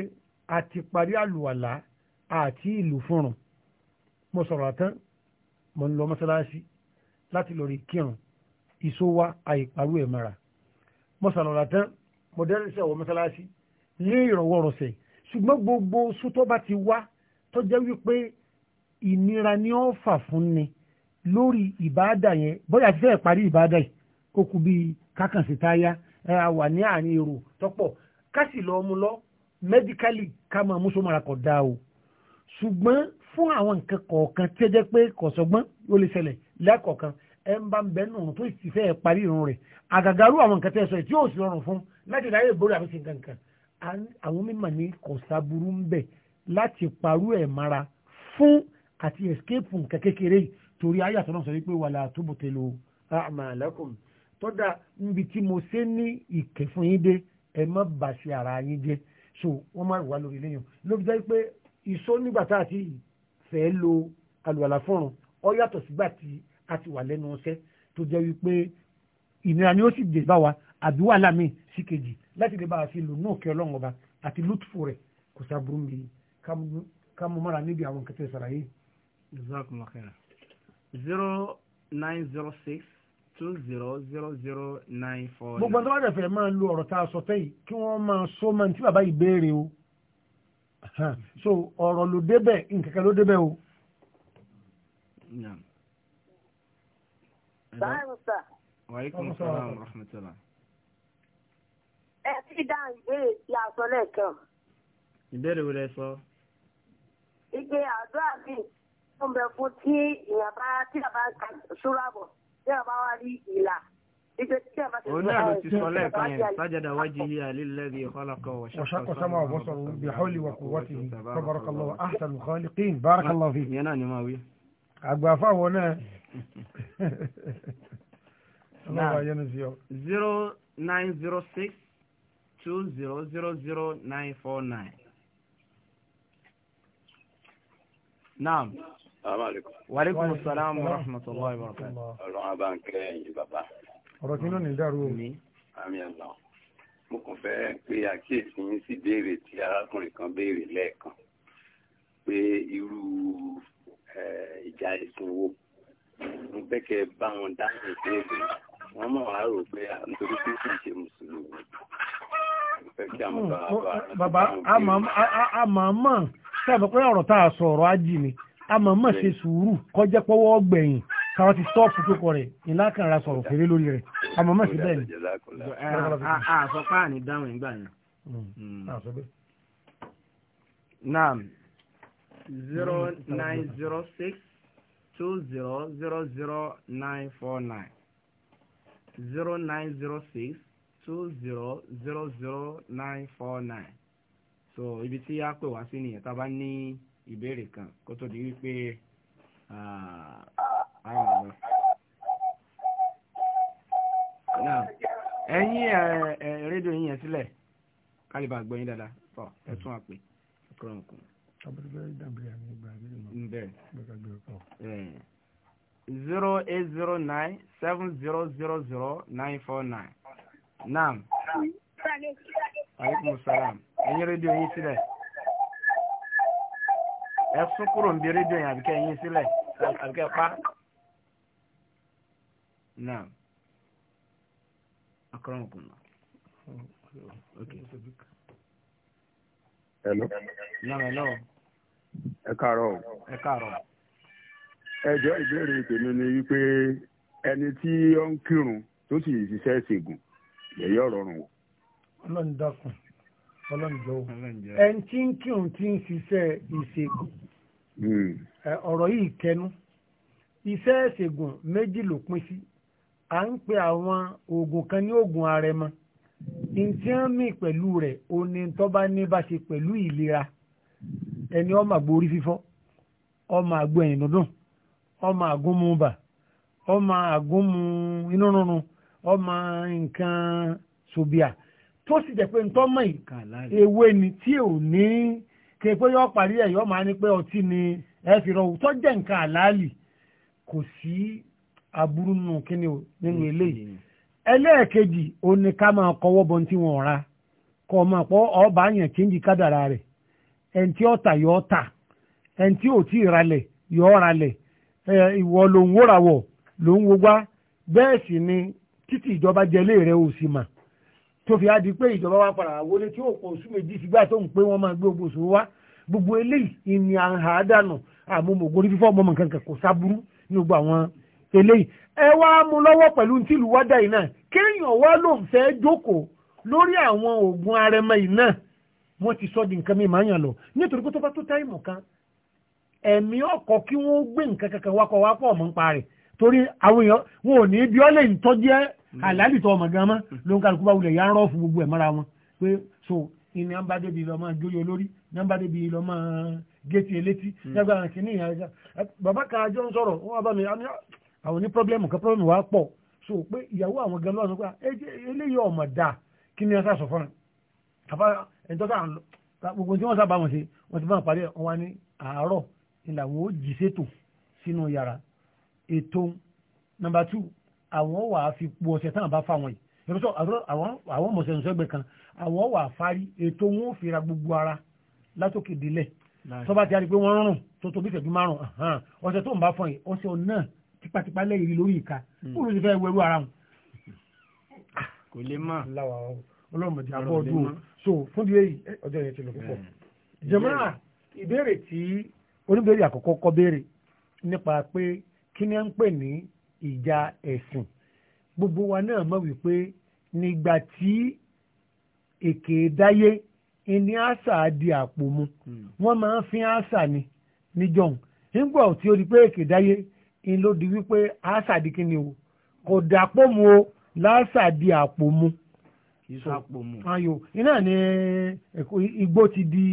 a ti parí àlùwàlá àti ìlú fúnrun mo sọ̀rọ̀ àtán mo ń lọ mọ́sálásí láti lọ rí kírun ìṣó wa àìparú ẹ̀ mara mọ́sálọ́lá tán mọ̀dẹ́rẹ́sẹ̀ wọ mọ́sálásí lé ìrọ̀wọ́ rọ̀sẹ̀ ṣùgbọ́n gbogbo sútọ́ bá ti wá tó jẹ́ wípé ìnira ni ó fà fún ni lórí ìbáàdà yẹn bóyá ti fẹ́ parí ìbáàdà yìí ó kù bíi kákànsì táyà wà ní àárín èrò tọ́pọ̀ ká sì lọ́ọ́ mu lọ mẹ́díkálì ká máa mú sómọ́ra kọ̀ dáa o ṣùgbọ́n fún àwọn nǹkan kọ̀ọ̀kan tí ó jẹ́ pé kọ̀sọ̀gbọ́n ló lè ṣẹlẹ̀ lẹ́kọ̀ọ̀kan ẹ ń bá ń bẹ nù tó sì fẹ́ parí irun rẹ̀ àgàgàrú àwọn nǹkan tẹ́ sọ tí yóò sì rọrùn fún láti dáyé ìborí àbí sí nǹkan àwọn mímọ̀ ní kọ̀sàbúrú ń bẹ láti parú ẹ̀ mara fún àti escape nǹkan kékeré torí ayé àtọ́nà sọ wípé wàlà àtúbùtẹ̀ lò àmàlẹ́kùn tọ́da níbi tí mo ṣe ní ìkẹ́ fún yín dé ẹ má bà ara yín jẹ́ so wọ́n má wà lórí lẹ́yìn ló fi jẹ́ pé ìsó nígbà tá àti fẹ́ lo àlùwàlà fọ́run ọ yàtọ̀ sígbà tí a ti wà lẹ́nu ọṣẹ tó jẹ́ wípé ìnira ni ó sì dé bá wa àbí wàhálà mi sí kejì láti lè bá a fi lò náà kí ọlọ́run ọba àti lùtùfù rẹ̀ kò sábúrú mi ká mo mọ́ra níbi àwọn kẹtẹ ìsàlàyé. jazakumullahu zero nine zero six two zero zero zero nine four. gbogbo àti wàá dẹ̀ fẹ́ máa lo ọ̀rọ̀ tá a sọ tẹ́yì kí wọ́n máa sọ máa ní tí bàbá yìí béèrè o so ọ̀rọ̀ ló débẹ̀ nkẹ̀kẹ́ ló débẹ̀ o. Wàhálà sàlámù rahmatulah. Ẹ ti dá ìbéèrè tí a sọ lẹ́ẹ̀kan. Ìbéèrè wo lẹ sọ? Ìgbé àdúrà mi ń tí ìyàbá tí a bá ń ka sóra bọ̀ tí a bá wá rí ìlà. ونعم الاتصال يعني سجد وجهي للذي خلقه وشق سمعه وبصره بحول وقوته تبارك الله احسن الخالقين بارك الله فيك نعم. يا ناني ماوي عبد اغبافا هنا نعم 0906 2000949 نعم السلام عليكم وعليكم السلام ورحمة الله وبركاته. الله بانك بابا. ọ̀rọ̀ tí ló ní dàrú o. àmì àlà mo kàn fẹ́ pe àkíyèsí yín béèrè tí arákùnrin kan béèrè lẹ́ẹ̀kan pé irú ìjà ẹ̀sìn wo mo fẹ́ bá wọn dáhùn ìbéèrè wọ́n mọ̀ wá rò pé nítorí pé ṣe mùsùlùmí hmm, bàbá ọ̀rọ̀ tá a sọ̀rọ̀ ni ṣe sùúrù kọjá pọ́wọ́ gbẹ̀yìn káwọn ti sọ́ọ̀fù tó kọ rẹ̀ ìlà kan ra sọ̀rọ̀ fèrè lórí rẹ̀ àmọ́ mọ̀ sí bẹ́ẹ̀ ni. àsọpá ni dáhùn ìgbà yẹn. Hmm. naam zero nine zero six two zero zero zero nine four nine zero nine zero six two zero zero zero nine four nine so ibi tí a pè wá sí nìyẹn tá a bá ní ìbéèrè kan kó tó di wípé. Ah, ẹ̀yin rédíò yín yẹn sílẹ̀ kálíbà gbọ́yìn dáadáa tọ́ ẹ tún àpè ẹ̀kọ́ nǹkan. abúlé dàbí àmì ìgbà àbí ìmọ̀ gbẹ́gbẹ́ ọkọ̀. zero eight zero nine seven zero zero zero nine four nine aleykum salaam rédíò yín ẹ sún kúrò ń bí rédíò àbíkẹ́ yín àbíkẹ́ pa. نعم أكرمكم الله أوكي hello. náà hello. ẹ káàárọ̀ o. ẹ káàárọ̀. ẹjọ́ ìbéèrè tèmi ni wípé ẹni tí ó ń kírun tó sì ṣiṣẹ́ ṣègùn lẹ́yìn ọ̀rọ̀ rùn o. ọlọ́run dákun ọlọ́run jọ̀wọ́ ẹni tí ń kírun tí ẹ ṣiṣẹ́ ìṣègùn hmm. ọ̀rọ̀ yìí kẹnu iṣẹ́ ìṣègùn méjì ló pín sí. a ń pe àwọn oògùn kan ní oògùn arẹmọ ntí ń mì pẹ̀lú rẹ̀ oní tó bá ní bá ṣe pẹ̀lú ìlera ẹni ọmọ àgbo orí fífọ́ ọmọ àgbo ẹ̀yìn dúndùn ọmọ àgúnmu ọmọ àgúnmu inú rúnrún ọmọ nǹkan sobia tó sì jẹ́ pé ni tí ò ní kí pé yọ parí ẹ̀ yọ máa ní pé ọtí ni ẹ fi rọ òótọ́ jẹ́ nǹkan àlàálì kò aburú nù kíni nínú eléyìí ẹlẹ́ẹ̀kejì ó ní ká máa kọwọ́ bọ́ tí wọ́n ra kọ́ máa pọ́ ọba yẹn kíńjì kádàrà rẹ̀ ẹni tí ó tà yọ tà ẹni tí ò tí ì ralẹ̀ yọ ralẹ̀ ìwọ ló ń wóra wọ̀ ló ń wogbá bẹ́ẹ̀ sì ni títí ìjọba jẹlé rẹ̀ ò sì mà tó fi á di pé ìjọba wa padà wọlé tí ó pọ̀ oṣù méjì sígbà tó ń pé wọ́n máa gbé ogbòsò wá gbogbo eléyìí ìní àhàdànù àmọ́ mògórí fífọ́ ọmọ mọ̀ kankan kò sábúrú ní gbogbo àwọn eléyìí ẹ wá mú lọ́wọ́ pẹ̀lú tí ìlú wádà yìí náà kéèyàn wá ló ń fẹ́ jókòó lórí àwọn oògùn arẹmọ yìí náà wọ́n ti sọ di nǹkan mi máa yàn lọ nítorí pé tó bá tó táìmù kan ẹ̀mí ọkọ̀ kí wọ́n gbé nǹkan kankan wakọ̀ wakọ̀ ọmọ ń pa torí àwọn èèyàn wọn ò ní bí ọ́ lè ń tọ́jẹ́ mm. àlálì tó ọmọ gan mọ́ mm. ló ń kálukú bá wulẹ̀ yà ń rọ́ fún gbogbo ẹ̀ mọ́ra wọn pé so ìní à ń bá débi lọ máa jóyè olórí ní à ń bá débi lọ máa géètì elétí nígbà kìíní ìyá bàbá kan àjọ ń sọ̀rọ̀ wọn bá mi àwọn ní pọ́blẹ́mù kan pọ́blẹ́mù wá pọ̀ so pé ìyàwó àwọn gan lọ́sọ̀ pé eléyìí ọmọ dà kí ni wọ́n sá sọ fún un àfa ẹ̀ńtọ́ sá gbogbo tí wọ́n sá bá wọn ṣe wọ́n ti bá wọn parí ẹ̀ wọ́n ní àárọ̀ ni làwọn ó jì sétò sínú yàrá ètò nọ́mbà two àwọn wà á fi po ọ̀sẹ̀ táwọn bá fáwọn yìí ẹ̀rọ sọ àwọn ọmọ ọ̀sẹ̀ ọ̀sẹ̀ kan àwọn wà á fárí ètò wọn ò fira gbogbo ara látòkè délẹ̀ tọ́ba ti a rí pé wọ́n rún tó tóbi ìṣẹ́jú márùn-ún ọ̀sẹ̀ tó ń bá fọyín ọ̀sẹ̀ náà tipatipa lẹ́yìn lórí ìka kó ló ti fẹ́ wẹrú ara wọn. kò lè má. ọlọ́mọdé abọ́dún so fún di èyí ọjọ́ yẹn ti lọ púpọ̀. Hmm. jẹ̀mọ́nà ìbéèrè tí oníbèrè àkọ́kọ́ kọ́ béèrè nípa pé kí ni à ń pè ní ìjà ẹ̀sìn gbogbo wa náà mọ̀ wípé nígbà tí èké dáyé ìní àṣà di àpò mu hmm. wọ́n máa ń fi àṣà ni níjọ́hùn nígbà tí ó di pé èké dáyé in ló di wípé àṣàdì kí ni o kò dàpọ̀ mu o láṣàdì àpò mu. ìsàpò mu. ayò ah, iná ni eh, igbó ti di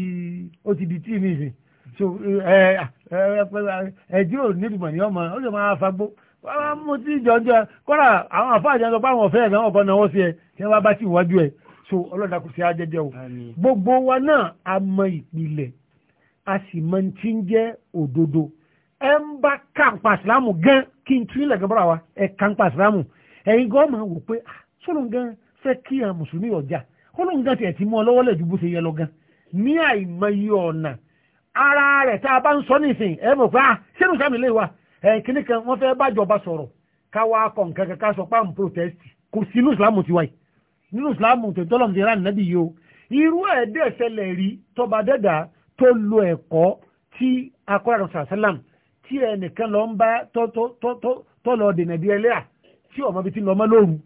ó ti di tíì nìyí so ẹ ẹ ẹ jíròrò nídìmọ̀ ní ọmọ ó sì máa fagbó mo ti jọjọ kọ́ra àwọn àfáàjọ sọ pé àwọn ọ̀fẹ́ ẹ̀gbọ́n ọ̀kan náà wọ́n fi ẹ tí wọ́n bá ti wájú ẹ̀ so ọlọ́dà kò sí ajẹjẹ o gbogbo wa náà a mọ ìpìlẹ̀ a sì mọ ti ń jẹ́ òdodo ẹ ń bá kàǹpà ìsìlámù gan kí n tún ilẹ̀ gan bọ́ra wa ẹ kàǹpà ìsìlámù ẹ̀yin gan máa wò pé sọ́nà ah, gan fẹ́ kí àwọn mùsùlùmí ọjà ọlọ́run gan tiẹ̀ ti mú ọ lọ́wọ́ lẹ̀ ju bó ṣe yẹ lọ gan ní àìmọye ọ̀nà ara rẹ̀ tá a bá ń sọ nísìn ẹ mọ̀ pé ah ṣé nù sàmì lè wa ẹ̀ kíní kan wọ́n fẹ́ bájọba sọ̀rọ̀ ká wá kọ̀ nǹkan kan ká sọ pé protest kò sí inú ìsìlámù tiwa yìí nínú ìsìlámù tòótọ́lọ́mù ti tó lo tí ẹnìkan lọ ń bá tọ́lọ dènà bí ẹlẹ́à tí ọmọ bíi ti lọ mọ́ lóru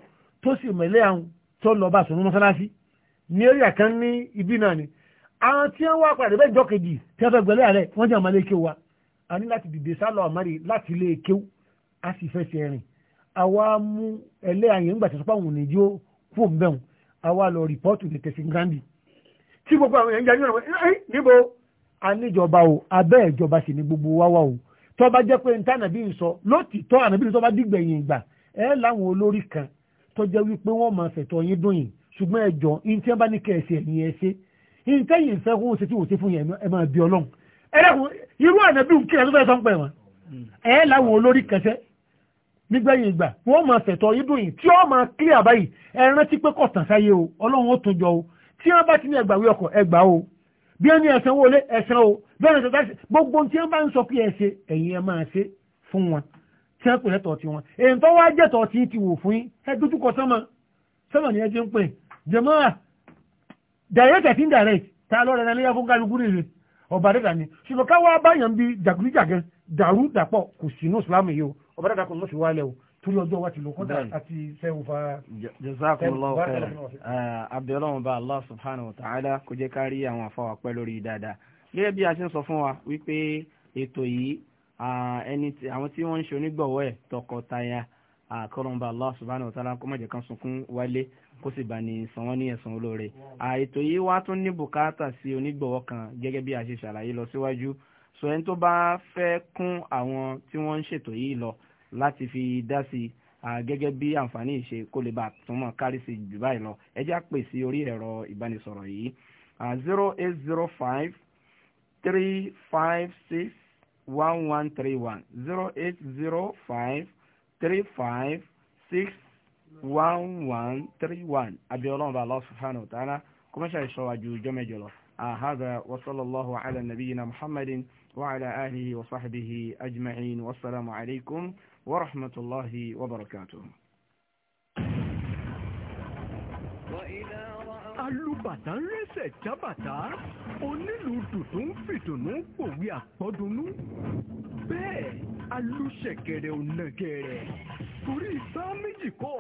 tó sì mọ̀ ẹlẹ́à ń tó lọ bá sọ̀rọ̀ mọ́sálásí ní eré àkán ní ibi náà ni àwọn tí wọ́n wá padà bẹ́ẹ̀ jọ kejì tí wọ́n fẹ́ gbẹ̀lẹ́ rẹ̀ wọ́n jẹ́ ọmọ ilé wa a ní láti dìde sálọ àmárì láti ilé kéwu a sì fẹ́ ṣe rìn àwa mú ẹlẹ́à yẹn ńgbà tó sọpá òun nìjó kú òun bẹ́ẹ̀ àwa lọ rìpọ́ọ̀tù ní tẹ̀sí gandhi tí gbogbo àwọn èèyàn ń jẹ́ àníjọba o abẹ́ ìjọba sì ni gbogbo wa o tó bá jẹ́ pé níta ànàbí ń sọ lótìtọ́ ànàbí ń sọ bá dìgbẹ̀yìn ìgbà ẹ láwọn olórí kan tó jẹ́ wípé wọ́n máa fẹ̀tọ́ yín dùn yìí ṣùgbọ́n ẹjọ́ ìtí bá ní kẹ̀sì ẹ̀yìn ẹ ṣe ìtí ẹ̀yìn fẹ́ kó ṣe tí ò ṣe fún yẹn ẹ máa bí ọlọ́run ẹlẹ́kùn irú ànàbí ń kíra tó fẹ́ sọ́n pẹ̀ wọ́n ẹ láwọn olórí kẹsẹ́ nígbẹ̀yìn ìgbà wọ́n máa fẹ̀tọ́ yín dùn yìí tí ó máa kílẹ̀ àbáyìí ẹ rántí pé kọ̀tàn sáyé o ọlọ́run ó tún jọ o tí wọ́n bá ti ní ẹgbàwé ọkọ̀ ẹgbàá o bí ẹni ẹ̀sán wo lé ẹ̀sán o bẹ́ẹ̀ ni ṣe gbogbo tí wọ́n bá ń sọ pé ẹ̀ṣẹ̀ ẹ̀yin ẹ máa ṣe fún wọn tí wọ́n pè lẹ́tọ̀ọ́ tí wọn èyí tó wá jẹ́tọ̀ọ́ tí ti wò fún yín ẹ dojúkọ sọ́mọ sọ́mọ ni ẹ ti ń pè jẹ̀mọ́ à direct àti indirect ta lọ́rẹ̀ náà léyà fún kálukú rèé ọba dẹ́dà ni ṣùgbọ́n káwá báyàn bíi jàgùdíjàgẹ dàrú dàpọ̀ kò sí ní ìsìlámù yìí o ọba dẹ́dà kò ní oṣù wálẹ̀ o torí ọjọ́ wa ti lò kọ́dà àti iṣẹ́ òfa. jazakumullahu khairan ah, abiyọlọ́wọ́n bá allah subhanahu wa ta'ala kó jẹ́ ká rí àwọn àfọwà pẹ́ lórí dáadáa gẹ́gẹ́ bí a ṣe ń sọ fún wa wípé ètò yìí ẹni àwọn tí wọ́n ń ṣe ẹ̀ tọkọtaya àkọlọ́wọ́n allah subhanahu wa ta'ala kó má jẹ́ kán sunkún wálé kó sì bá ní san wọ́n ní ẹ̀san olóore ètò yìí wá tún ní bùkátà sí onígbọ̀wọ́ kan gẹ́gẹ́ bí a ṣe ṣàlàyé lọ síwájú so ẹni tó bá fẹ́ kún àwọn tí wọ́n ń ṣètò yìí lọ 0244 láti fi dá sí i gẹ́gẹ́ bí àǹfààní ìṣe kó lè bá a tún mọ̀ kárí sí jù báyìí lọ ẹ jẹ́ àpè sí orí ẹ̀rọ ìbánisọ̀rọ̀ yìí zero eight zero five three five six one one three one zero eight zero five three five six one one three one abiyọlọ́run ba Allah subhanahu wa ta'ala kọ́mọ́ṣà ìṣọ́wájú jọ́mẹ́jọ lọ àhàdà wasallallahu ala nabiyina muhammadin wa ala alihi wa sahbihi ajma'in wasalaamu alaykum. ورحمة الله وبركاته وإذا rẹ́sẹ̀ jábàtà onílù dùdú fìdùnnú pòwé àpọ́dúnú bẹ́ẹ̀ alúṣẹ̀kẹ̀rẹ̀ ò nàgẹ̀rẹ̀ torí ìgbà méjì kọ́